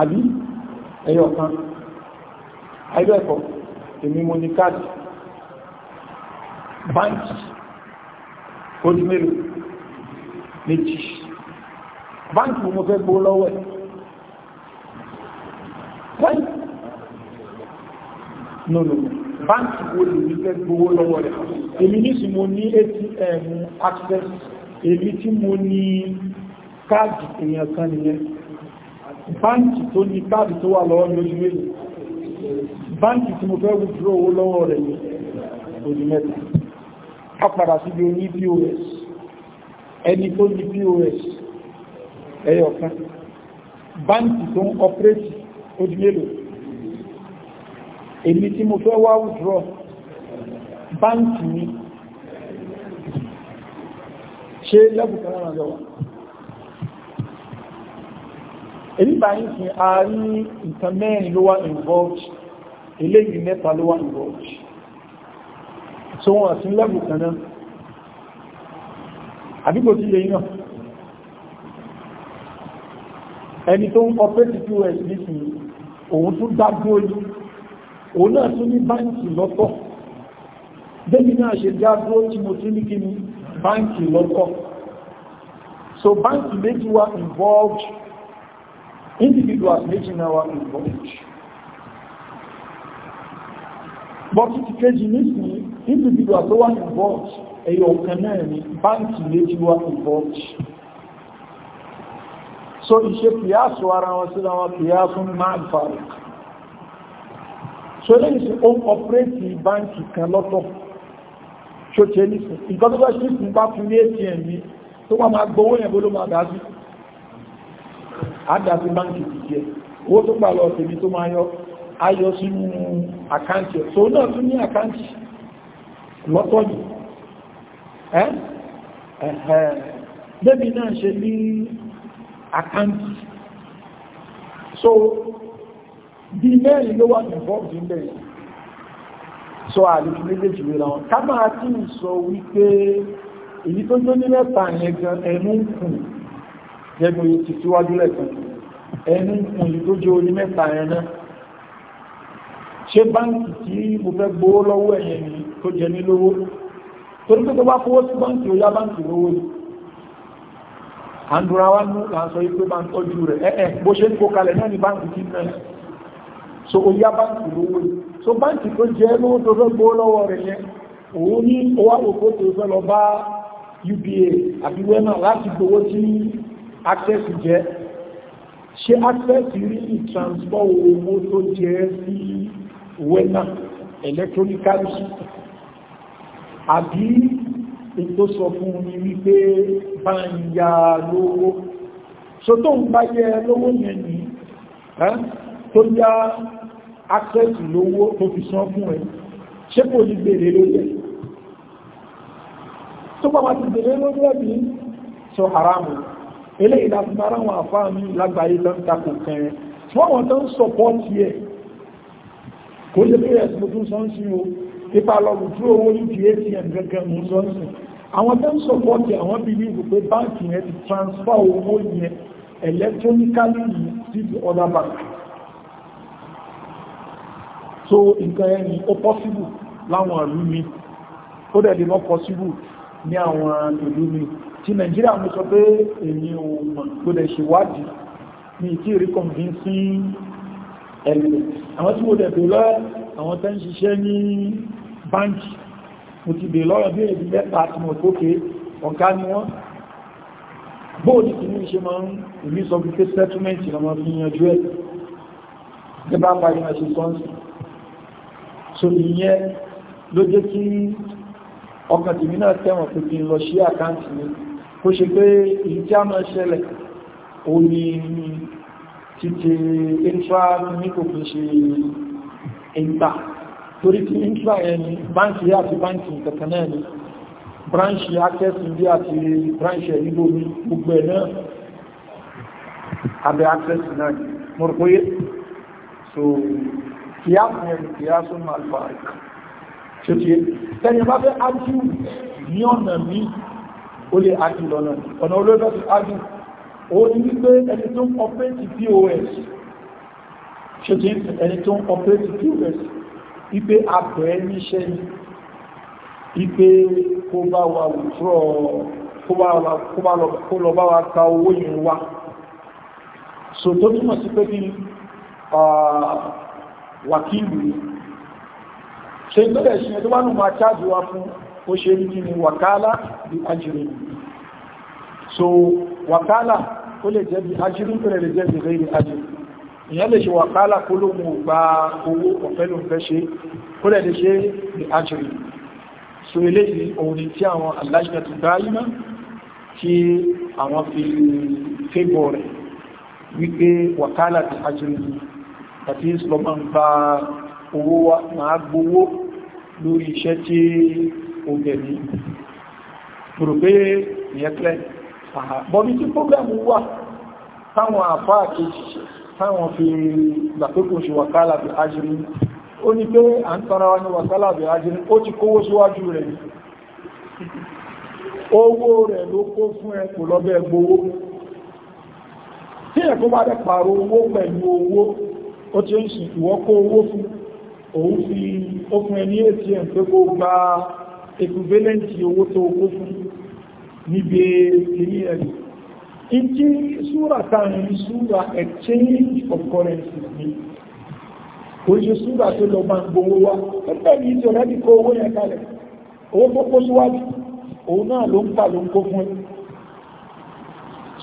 Speaker 1: àbí ẹyọ kan ayébẹ̀kọ́ èmi mo ní káàdì báńkì ó di mélòó méjì báńkì mo fẹ́ gbó lọ́wọ́ ẹ̀ báńkì nínú báńkì wo lè ní fẹ́ gbówó lọ́wọ́ rẹ̀ èmi ní sí mo ní atm access èmi tí mo ní káàdì èèyàn kan nìyẹn báǹkì tó ní káàdì tó wà lọ́wọ́ lójú mélòó báǹkì tí mo fẹ́ wùdúró owó lọ́wọ́ rẹ̀ ní òdì mẹ́ta a padà sí bí oní pos ẹni tó ní pos ẹyọ kan báǹkì tó ń ọpẹ́rẹ́tì òdì mélòó èmi tí mo fẹ́ wá wùdúró báǹkì ni ṣe lẹ́bùkẹ́ lára lọ́wọ́ èyí bá yìí fi a rí nǹkan mẹ́rin ló wà involved eléyìí mẹ́ta ló wà involved so wọ́n àti lẹ́bù kan náà àdúgbò tí lè yàn ẹni tó ń operate pos nífi òun tún dá góòlù òun náà tún ní báńkì lọ́tọ̀ débi náà ṣe dá góòlù tí mo tún ní kí ni báńkì lọ́tọ̀ so báńkì méjì wà involved individuals méjì náà wà ní bondage bọ́tí ti kéjì nísìnyí individual tó wà ní bondage ẹ̀yọ ọ̀kan náà ní báńkì méjì wà ní bondage so ìṣe pìyàsù ara wọn sí àwọn pìyàsù ní máa ń farí so lẹ́yìn sí ó ń ọpẹ́rẹ́tì báńkì kan lọ́tọ̀ tó tẹ́ nísìnyí nǹkan tó bá ṣe fún bá fún ní atm tó wà máa gbowó yẹn bó ló to dá sí àdásí báńkì ti jẹ owó tó gbà lọ tèmi tó máa yọ ayọ sínú àkáǹtì ẹ̀ tó náà tún ní àkáǹtì lọ́tọ̀ yìí ẹ́ ẹ̀ẹ́ bébì náà ṣe ní àkáǹtì so bí mẹ́rin ló wà involved in there so àlejò méjèèjì rẹ̀ wọn ká máa tí ń sọ wípé èyí tó jó ní mẹ́ta yẹn gan ẹnu ń kùn gẹ́gùn yìí ti síwájú lẹ́kùn ẹnu ìlú tó jẹ́ orí mẹ́ta ẹ̀nà ṣé báńkì tí mo fẹ́ gbówó lọ́wọ́ ẹ̀yẹn ni tó jẹ ní lówó torí pé tó bá fowó sí báńkì ó yá báńkì lówó ni àndúrà wá ní láàṣọ ipé bá ń tọ́jú rẹ̀ ẹ̀ẹ̀ bó ṣe ń kó kalẹ̀ náà ni báńkì ti náà so ó yá báńkì lówó ni so báńkì tó jẹ́ lówó tó fẹ́ gbówó lọ́wọ́ rẹ̀ yẹn òun ní owó àwòkó tó fẹ́ lọ bá UBA àbí wẹ́mà láti gbowó tí access jẹ́ ṣe access rí ìtransfer owó tó jẹ́ sí wẹ́nà electronically àbí tó sọ fún ní wípé bá ń ya lówó so tó ń bá yẹ lówó yẹn ní tó yá access lówó tó fi san fún ẹ ṣé kò ní gbèrè lórí ẹ̀ tó bá wá ti gbèrè lórí ẹ̀ bí so haramu ilé ìdáfúnmára wọn àfáà mi lágbàáyé tó ń takò kẹrin wọ́n tó ń sọpọ́ọ̀tì ẹ̀ kò ṣe pé ẹ̀sùn tó sọ ń sí o ipa lọ́rù tí owó ní ti atm gẹ́gẹ́ mú sọ ń sí àwọn tó ń sọpọ́ọ̀tì àwọn bí wíwò pé báńkì yẹn ti transfer owó yẹn electronically sí the other bank so nǹkan ẹni ó possible láwọn ìlú mi ó dẹ̀ lè mọ́ possible ní àwọn ìlú mi ti Nigeria mo sọ pé èmi ò mọ̀ gbọ́dẹ̀ ṣèwádìí ní ìtí rí convincing evidence àwọn tí mo dẹ̀ pè lọ́ àwọn tẹ́ ń ṣiṣẹ́ ní báńkì mo ti bè lọ́rọ̀ bí èdè mẹ́ta àti mọ̀ tókè ọ̀gá ni wọ́n bóòdì tí ní ṣe máa ń èmi sọ pé settlement lọ́mọ fi yanjú ẹ̀ gẹ́bà parí ma ṣe sọ́nsì so ìyẹn ló jẹ́ kí ọkàn tèmi náà tẹ́wọ̀n pé kí n lọ sí àkáǹtì mi kó ṣe pé èyí tí a máa ṣẹlẹ̀ ó ní títí intra ní ṣe intra torí tí intra ẹni báńkì àti báńkì kankan ni branchi access india àti branchi ìlú omi gbogbo ẹ̀ náà abẹ́ access náà ni mo rò pé so kìí àfihàn kìí àsùnmọ̀ alfa rẹ̀ ṣe tí ẹni bá fẹ́ ájú ní ó lè ájú lọ́nà ọ̀nà olóòtọ́ ti ájú ó ní wípé ẹni tó ń ọpẹ́tì pos ṣe tí ẹni tó ń ọpẹ́tì pos wípé abẹ́ níṣẹ́ ni wípé kó bá wa wùtúrọ̀ kó lọ bá wa ka owó yìí wá so tó túnmọ̀ sí pé bí wàkílù ṣe gbọ́dẹ̀ ṣe tó bá nù máa chájú wa fún ó ṣe rí kí wàkálà bí ajírì so wàkálà ó lè jẹ́ bí ajírì ó lè jẹ́ bí rẹ̀ ajírì ìyẹn lè ṣe wàkálà kó ló mú gba owó ọ̀fẹ́ ló fẹ́ ṣe ó lè ṣe bí ajírì so eléyìí òun ni tí àwọn aláṣẹ tó dáyìmá tí àwọn fi fébọ̀ rẹ̀ wípé wàkálà bí ajírì àti ìsìlọ́mọ̀ ń gba owó wa máa gbowó lórí iṣẹ́ tí ògẹ̀mí rò pé ìyẹn pẹ́ bọ́bí tí prógámù wà táwọn àfáà kejì táwọn fi gbàpépò ṣe wàkálà bí ajírí ó ní pé à ń tọ́ra wa ní wàkálà bí ajírí ó ti kówó síwájú rẹ̀ owó rẹ̀ ló kó fún ẹ kò lọ́bẹ̀ gbowó tí ẹ̀kọ́ bá dẹ̀ pààrọ̀ owó pẹ̀lú owó ó ti ń sì ìwọ́kó owó fún òun fi ó fún ẹ ní atm pé kó gba equivalent owó tó kó fún níbi èyí ẹ̀rì ìjí súra tààrin súra exchange of currency ni kò ṣe súra tó lọ máa gbowó wá ẹgbẹ́ ní ìjọ rẹ̀ kó owó yẹn kalẹ̀ owó tó kó síwájú òun náà ló ń pa ló ń kó fún ẹ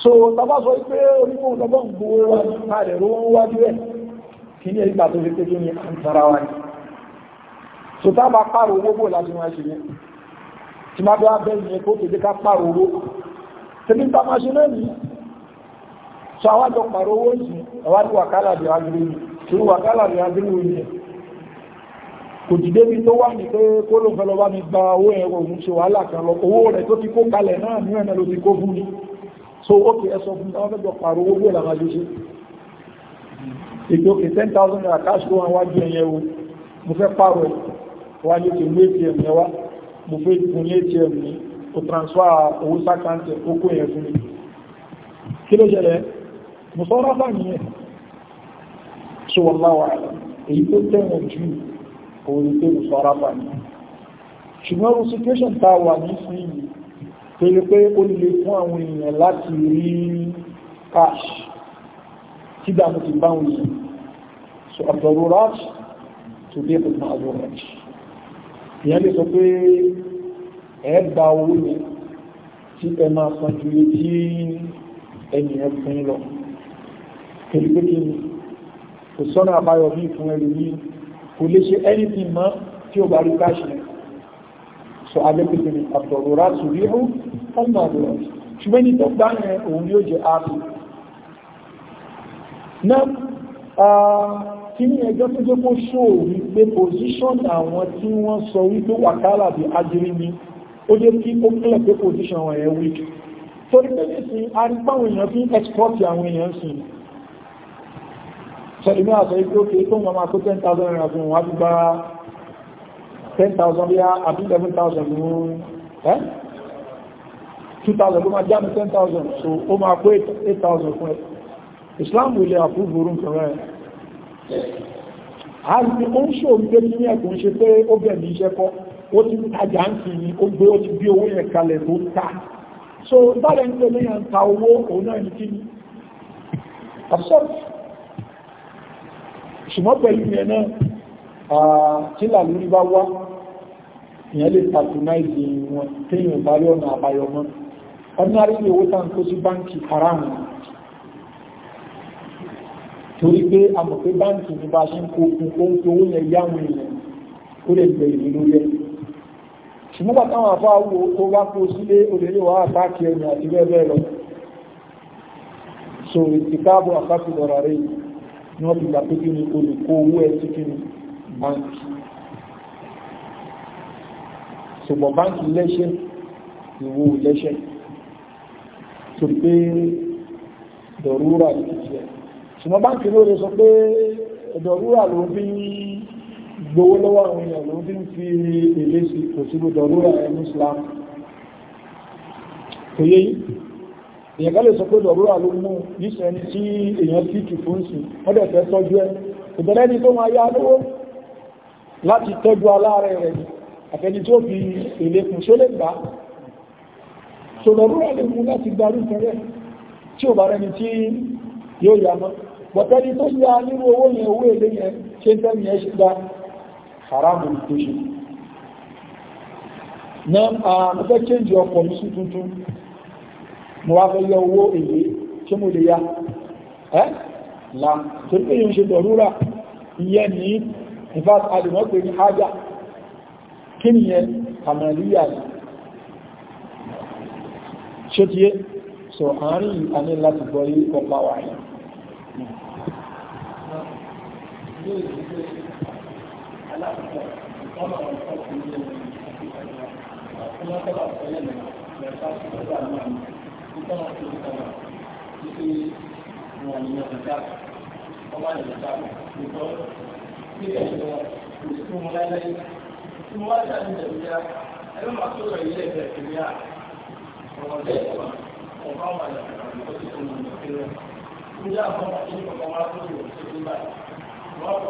Speaker 1: so tàbá sọ pé onímọ̀ ọ̀dọ́gbọ̀n gbowó wá ní ká rẹ̀ rówó wájú ẹ̀ kí ní ẹ̀rí pàtó fi pé kí ni à ni so tá a bá pààrọ̀ owó bò láti wọn ṣe yẹn tí máa bá bẹ́ẹ̀ yẹn kó tètè ká pààrọ̀ owó tèmi ta máa ṣe náà nìyí so àwọn àjọ pààrọ̀ owó yìí àwọn àti wàkálà rẹ̀ agiri yìí tí wàkálà rẹ̀ agiri yìí kò dìde bí tó wà ní pé kó ló fẹ́ lọ bá mi gba owó yẹn kò ń ṣe wàhálà kan lọ owó rẹ̀ tó ti kó kalẹ̀ náà ní ẹ̀nà ló ti kó fún mi so ó kì ẹ sọ fún mi àwọn fẹ́ owó bò làwọn àjọ ṣe ten thousand naira cash ló wà wájú ẹ̀yẹ o mo fẹ́ pààrọ̀ ẹ̀ wá ní ti mú atm yẹn wá mo fẹ́ fún ní atm ní o transfer owó sákàntì okó yẹn fún mi kí ló ṣẹlẹ̀ mo sọ́rọ́ bá nìyẹn ṣe wọ́n láwà èyí tó tẹ̀wọ̀n jù òun tó mo sọ́rọ́ bá nìyẹn ṣùgbọ́n o situation tá wà ní sí pẹ̀lú pé ó lè fún àwọn èèyàn láti rí cash tí dàmú ti báwọn yìí so àbẹ̀rù raj to be able to ìyẹn lè sọ pé ẹ gba owó ni tí ẹ máa san ju iye tí ẹnìyẹn fún lọ pẹ̀lú pé kí ni kò sọ́nà àbáyọ bí fún ẹrù yìí kò lè ṣe anything mọ́ tí ó bá rí káṣí sọ adẹ́pẹ̀tẹ̀ ni àtọ̀rọ̀ rà rí ó ọmọ àbúrò ṣùgbọ́n ní tó gbá yẹn òun yóò jẹ ààbò náà kí ní ẹjọ́ tó jẹ́ kó ṣó wípé position àwọn tí wọ́n sọ wípé wàkálà bí ajírí ni ó jẹ́ kí ó kílẹ̀ pé position wọn ẹ̀ wí torí pé nísìn arípáwọn èèyàn fi export àwọn èèyàn sí sọ̀rọ̀ ní àṣọ ikú òkè tó wọn máa kó 10,000 rẹ̀ fún wọn gbá 10,000 bí àbí 11,000 mú ẹ́ 2,000 ló máa jáde 10,000 so ó máa kó 8,000 fún ẹ Islam will approve orun kan rẹ̀ àti ó ń ṣòro pé kí ní ẹ̀kùn ṣe pé ó bẹ̀ ní iṣẹ́ kọ́ ó ti tajà ń fi ní ó gbé ó ti bí owó yẹn kalẹ̀ tó ta so báyẹ̀ ń pè léyàn ta owó òun náà ní kí ni absorbe ṣùgbọ́n pẹ̀lú yẹn náà tí làlúrí bá wá ìyẹn lè patronize wọn téèyàn bá rí ọ̀nà àbáyọ mọ́ ordinary owó tá ń kó sí báńkì haram torí pé amọ̀pé báńkì ní bá ṣe ń kó okun kó ń fi owó yẹn yá àwọn èèyàn ó lè gbẹ̀ ìlú ló yẹ ṣùgbọ́n bàtàwọn àfáà wo tó bá kó sílé olèrè wà àtàkì ẹ̀yìn àti bẹ́ẹ̀ bẹ́ẹ̀ lọ so ìtìkáàbọ̀ àkáàkì lọ́ra rẹ̀ ni wọ́n fi gbà pé kí ni olùkó dọ̀rúra ìtìjẹ́ ṣùgbọ́n báńkì ló lè sọ pé ẹ̀dọ̀ rúrà ló fi ń gbowó lọ́wọ́ àwọn èèyàn ló fi ń fi èlé sí kò sí gbọdọ̀ rúrà ẹni Islam kò yé yìí èèyàn ká lè sọ pé dọ̀rúrà ló mú níṣẹ́ tí èèyàn sì kì fún sí wọ́n fẹ́ tọ́jú ẹ ìbẹ̀rẹ̀ ni tó máa yá lówó láti tọ́jú aláàrẹ̀ rẹ̀ àtẹni tó fi èlé kù ṣó lè gbà ṣòdọ̀rúrà lè mú láti gbarú fẹ́rẹ̀ tí ò bá rẹni tí yóò yá mọ́ bọ̀tẹ́ni tó yá nínú owó yẹn owó èlé yẹn ṣe ń tẹ́lẹ̀ yẹn ṣe dá haramu tó ṣe na àmọ́fẹ́ change ọkọ̀ ní sí tuntun mo wá fẹ́ yọ owó èlé tí mo lè yá ẹ́ là tó pé yóò ṣe dọ̀rúra ìyẹn ní in fact ní ájá kí ni yẹn àmàlíyà ṣe tiye so àárín ìpàní láti gbọ́ yí ọ̀pá wáyé
Speaker 2: yóò yí pé alákòókò ìtọ́nà ọ̀pọ̀ tó ní ẹ̀rọ ìṣàkóso ọ̀pọ̀lọpọ̀ àpẹẹrẹ mẹ́ta ìtọ́nà náà ní ìtọ́nà tó ní kọ́nà títí wọn ní ọ̀dà ọba ìjọba ìtọ́ sí ẹ̀rọ ìṣúná wọn lálẹ́ tí wọ́n
Speaker 1: wá jáde ìjẹ̀bíyà ẹ̀rọ máa tó rẹ̀ ilé ẹ̀jẹ̀ ìjẹ̀bíyà ọ̀rọ̀dẹ̀ ọ̀pá ọ̀pá ọ̀pá ìjọba ìtọ́jú tó ń lò ó kéré. Ní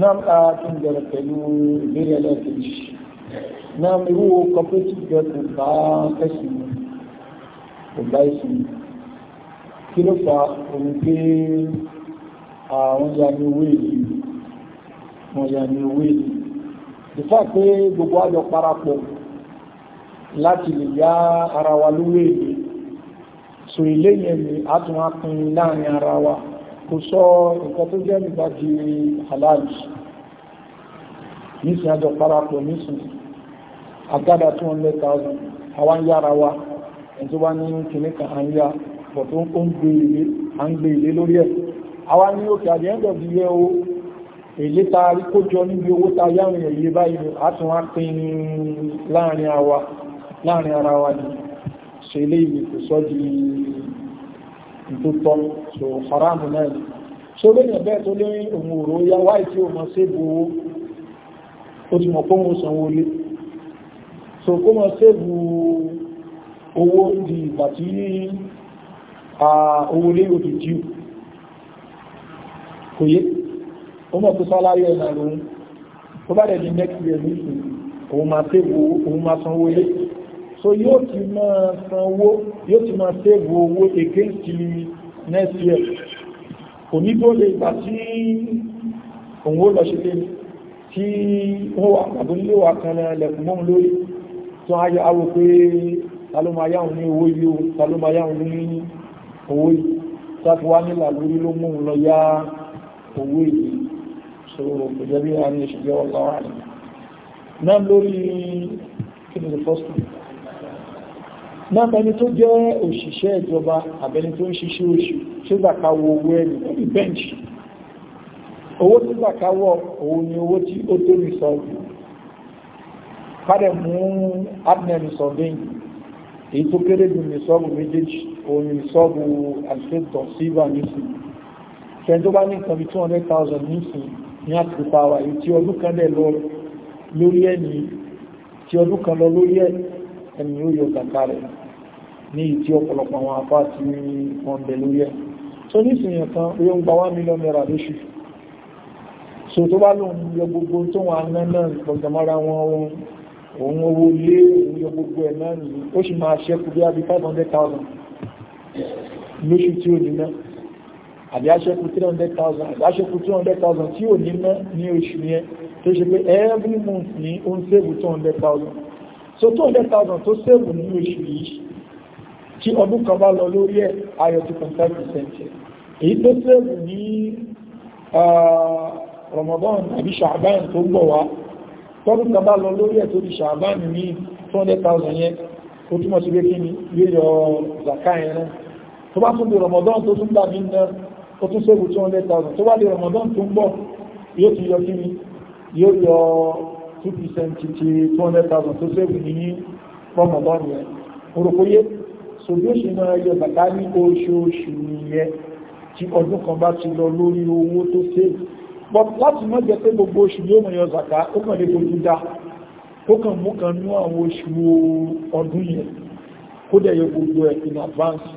Speaker 1: náà ti ń bẹ̀rẹ̀ pẹ̀lú ìbéèrè ẹlẹ́ẹ̀kejì náà irú cooperative jọ kò bá ẹ̀sìn mi kò bá ẹ̀sìn mi kí ló fa òun pé àwọn ya ni owó èlé wọn ya ni owó èlé ìfà pé gbogbo àjọ parapọ̀ láti lè yá ara wa lówó èlé so ilé yẹn a tún wá pín láàrin ara wa. kò sọ nǹkan tó jẹ́ nígbà di aláàjì nísìn àjọ parapọ̀ 200,000 àwọn yára wa ẹni tó ní kìíní kan à ń yá pọ̀ tó ń gbé gbé ilé lórí ẹ̀ àwọn ní òkè o èlé ta rí kó jọ ta báyìí a tún pín láàrin ara wa ṣe ilé ìwé kò sọ tó tọ́ so haramu náà ni so lóyìn bẹ́ẹ̀ tó lé òun òrò ya wáì tí o mọ̀ sí bu owó ó ti mọ̀ kó mọ̀ sanwó lé so kó mọ̀ sí bu owó di ìgbà tí owó lé òdì jù kò yé ó mọ̀ tó sálárì ẹ̀nà lòun ó bá dẹ̀ di next year ní òun máa sanwó lé so yóò ti máa san owó yóò ti máa save owó against next year kò ní tó lè gbà tí òun ó lọ ṣe lé tí wọ́n wà pàbó nílé wà kan lẹ̀kùn mọ́ lórí tó ayọ́ awò pé talomayaun ní owó yìí o ní owó yìí sáfi wá nílà lórí ló mú lọ yá owó yìí so kò jẹ́ bí wà ní ìṣẹ́jẹ́ ọlọ́wà náà lórí kí ni the first one náà ni tó jẹ́ òṣìṣẹ́ ìjọba àbẹni tó ń ṣiṣẹ́ oṣù tó gbàkà wọ owó ẹni lórí bẹ́ǹchì owó tó gbàkà òun ni owó tí ó tó ní sọ́ọ̀bù kádẹ̀ mú adnan sọ̀bìn èyí tó kéré jù ní sọ́ọ̀bù méjèèjì òun ní sọ́ọ̀bù àṣetọ̀ sílvà nísìn kẹ́ tó bá ní nǹkan bí 200,000 nísìn ní àtìpá wa èyí tí ọdún kan lẹ̀ lọ lórí ẹni tí ọdún kan lọ lórí ẹni yóò yọ kàkà rẹ̀ ní ìtí ọ̀pọ̀lọpọ̀ àwọn afá tí wọ́n bẹ̀ lórí ẹ̀ tó ní ìsìnyàn kan rí ń gba 1 million naira lóṣù so tó bá lóun yọ gbogbo tó wà náà gbọ̀gbọ̀mọ́ra wọn òun owó lé òun yọ gbogbo ẹ̀ náà nìyí ó sì máa ṣẹ́kù bí i 500,000 lóṣù tí ó níná àbí aṣẹ́kù 300,000 àbí aṣẹ́kù 200,000 tí ò níná ní oṣù yẹn tó ṣe pé every month ní ó ń save 200,000 so 200,000 tó save ní oṣù yìí tí ọdún kan bá lọ lórí ẹ̀ ayọ̀ ti pọ̀ èyí tó sẹ́ẹ̀bù ní Ramadan àbí Sha'ban tó gbọ̀ wá tọ́dún kan bá lọ lórí ẹ̀ tó di Sha'ban ní 200,000 yẹn ó túnmọ̀ sí pé kí ni yóò zaka yẹn náà tó bá tún di Ramadan tó tún gbà mí ná ó tún sẹ́ẹ̀bù 200,000 tó bá di Ramadan tó ń bọ̀ yóò ti yọ kí ni yóò yọ 2% ti 200,000 tó sẹ́ẹ̀bù ní Ramadan yẹn orúkọ yẹn sòbí ó ṣe máa yọ bàtà ní oṣooṣù nìyẹn tí ọdún kan bá ti lọ lórí owó tó sèé but láti mọ́ jẹ́ pé gbogbo oṣù yóò mọ̀ yọ zàká ó kàn lè fojú dá ó kàn mú kan ní àwọn oṣù ọdún yẹn kó dẹ̀ yọ gbogbo ẹ̀ in advance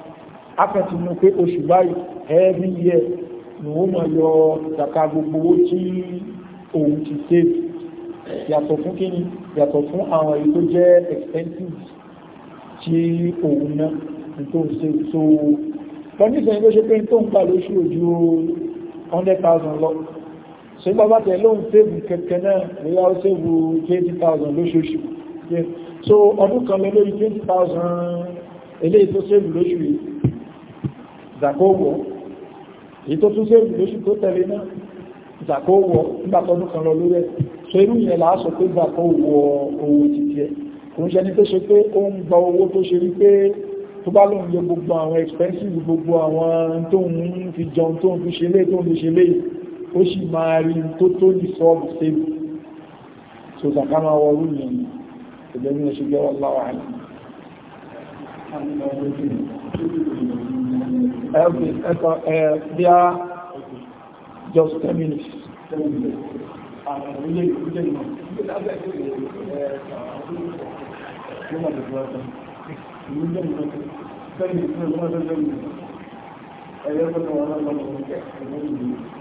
Speaker 1: akẹ́tì mú pé oṣù báyìí every year ni ó mọ̀ yọ zàká gbogbo owó tí òun ti save yàtọ̀ fún kíni yàtọ̀ fún àwọn èyí tó jẹ́ expenses tí òun náà tó ṣe tó lọ́nìsẹ̀yìn ló ṣe pé tó ń pa lóṣù ojú 100,000 lọ ṣe bàbá tẹ̀ ló ń tẹ́bù kẹ̀kẹ́ náà lóyá ó tẹ́bù 20,000 lóṣooṣù so ọdún kan lọ lórí 20,000 eléyìí tó tẹ́bù lóṣù yìí zakowọ̀ èyí tó tún tẹ́bù lóṣù tó tẹ̀lé náà zakowọ̀ nígbàtọ́dún kan lọ lórí ẹ̀ so irú yẹn làá sọ pé zakowọ̀ owó títí ẹ̀ kò ń ṣẹni tó ṣe pé ó ń gba owó tó ṣe rí pé tó bá lóun yẹ gbogbo àwọn expenses gbogbo àwọn tó ń fi jọun tó ń fi ṣe lé tó ń fi ṣe lé ó sì máa rí tó tó ní sọ́ọ̀bù sẹ́bù tó sàká máa wọ eh, just ten minutes Àwọn ilé ìgbésẹ̀ yana da zuwatan yin zan mutu zan suna zama zan zan mutu a yau da wani zama mutu a zan mutu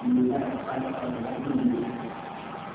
Speaker 2: Thank you.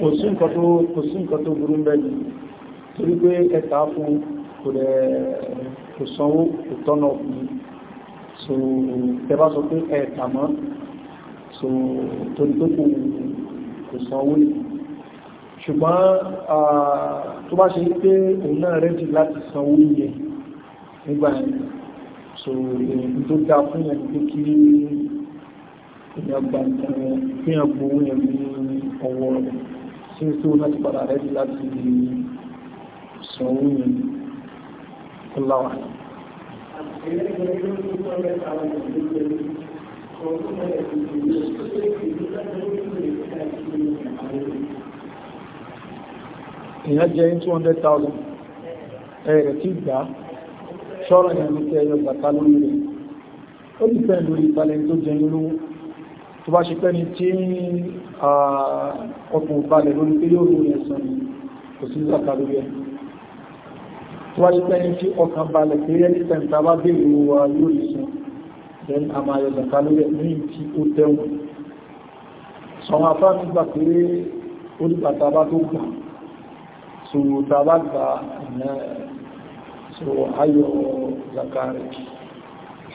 Speaker 2: kò sí
Speaker 1: nǹkan tó burú mẹ́lì torí pé ẹta fún kò rẹ̀ kò sanwó kò tọ́nà fún so tẹbá sọ pé ẹta mọ́ so torí pé kò sanwó ṣùgbọ́n tó bá ṣe ní pé òun náà rẹ̀ jù láti sanwó yẹ nígbà yẹn so tó dá fún ẹ̀ ìyàn gbowó yẹn ní ọwọ́ rẹ̀ tí ó tó láti padà rẹ̀ láti sanwó yẹn kọláwà. Èyàn 200,000 ẹ̀rẹ̀ tí gbà ṣọ́rọ̀ ìrìnlẹ́tẹ̀ ẹ̀yọ gbàtà lórí rẹ̀. Ó dìfẹ́ lórí ìpalẹ̀ tó jẹ nínú tó bá ṣe pẹ́ni tí ọkùn balẹ̀ lórí pé yóò lórí ẹ̀sàn yìí kò sí zaka lórí ẹ̀ tó bá ṣe pẹ́ni tí ọkàn balẹ̀ pé ẹni tẹ̀ǹtà bá bèèrè wa lórí ẹ̀sàn then a máa yọ zaka lórí ẹ̀ ní ti ó tẹ́wọ̀n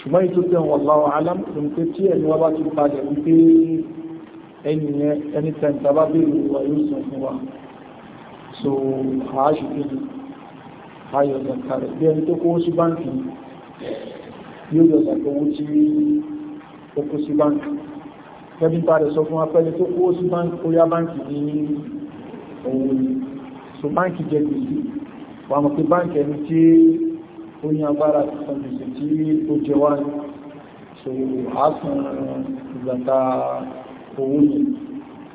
Speaker 1: ṣùgbọ́n ètò tẹ̀ wọ́n lọ́wọ́ alámùsùn pé tí ẹni wọ́n bá ti padà wípé ẹni yẹn ẹni tẹ̀ǹtà bá bèèrè wà yóò sọ fún wa so àáṣù kejì ayọ̀ zàkà rẹ̀ bí ẹni tó kówó sí báǹkì yóò yọ zàkà owó tí ó kó sí báǹkì kẹ́bí bá rẹ̀ sọ fún afẹ́lẹ́ tó kówó sí báǹkì ó yá báǹkì ní òun so báǹkì jẹ gbèsè wà pé báǹkì ẹni tí ó ní agbára tuntun gbèsè tí ó jẹ wá ní so àásùn ìgbàta owó ní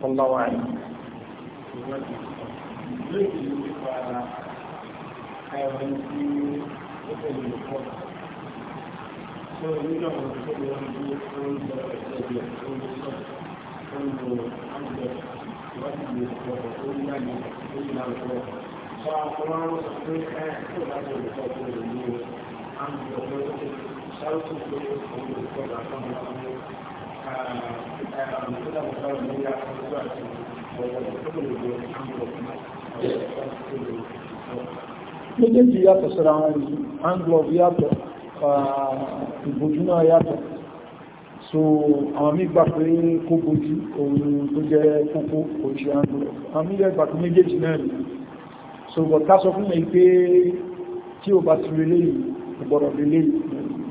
Speaker 1: ọláwà ní
Speaker 2: Thank you sọ àwọn ọmọ sọ pé ẹ tó bá tó lè sọ pé èyí o á ń lọ pé sáré tó pé òun lè sọ bá tó lè sọ pé ẹ àwọn tó dàgbà sọ ní ìyá kan tó àti ọ̀rọ̀ tó lè lọ á ń lọ pé
Speaker 1: ọ̀rọ̀ tó lè sọ. yàtọ̀ síra wọn yìí anglob yàtọ̀ uh, ìbòjú yàtọ̀ so àwọn mí gbà pé kó bojú òun tó jẹ́ kókó òṣìṣẹ́ anglob àwọn mí gbà pé méjèèjì náà ṣùgbọ́n ká sọ fún mi pé tí ó bá ti rí léyìí ìgbọ̀rọ̀ rí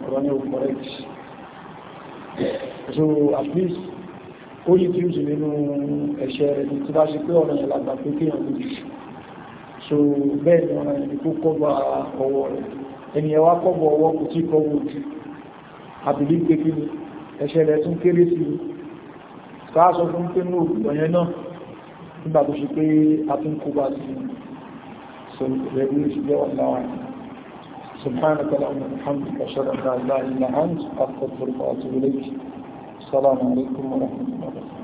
Speaker 1: ọ̀rọ̀ ní òkúrẹ́ so at least ó yí tí ó sì nínú ẹ̀ṣẹ̀ rẹ̀ ní tí bá ṣe pé ọ̀rọ̀ yẹn pé kéèyàn ló jù so bẹ́ẹ̀ ni ọ̀rọ̀ yẹn kó kọ́gbà ọwọ́ rẹ̀ ènìyàn wá kọ́gbà ọwọ́ kò tí kọ́gbà ojú àbìlí pé kí ni ẹ̀ṣẹ̀ rẹ̀ ní kó bá سيبنيش دي الله عنه سبحانك اللهم وبحمدك أشهد أن لا إله إلا أنت أستغفرك وأتوب إليك السلام عليكم ورحمة الله وبركاته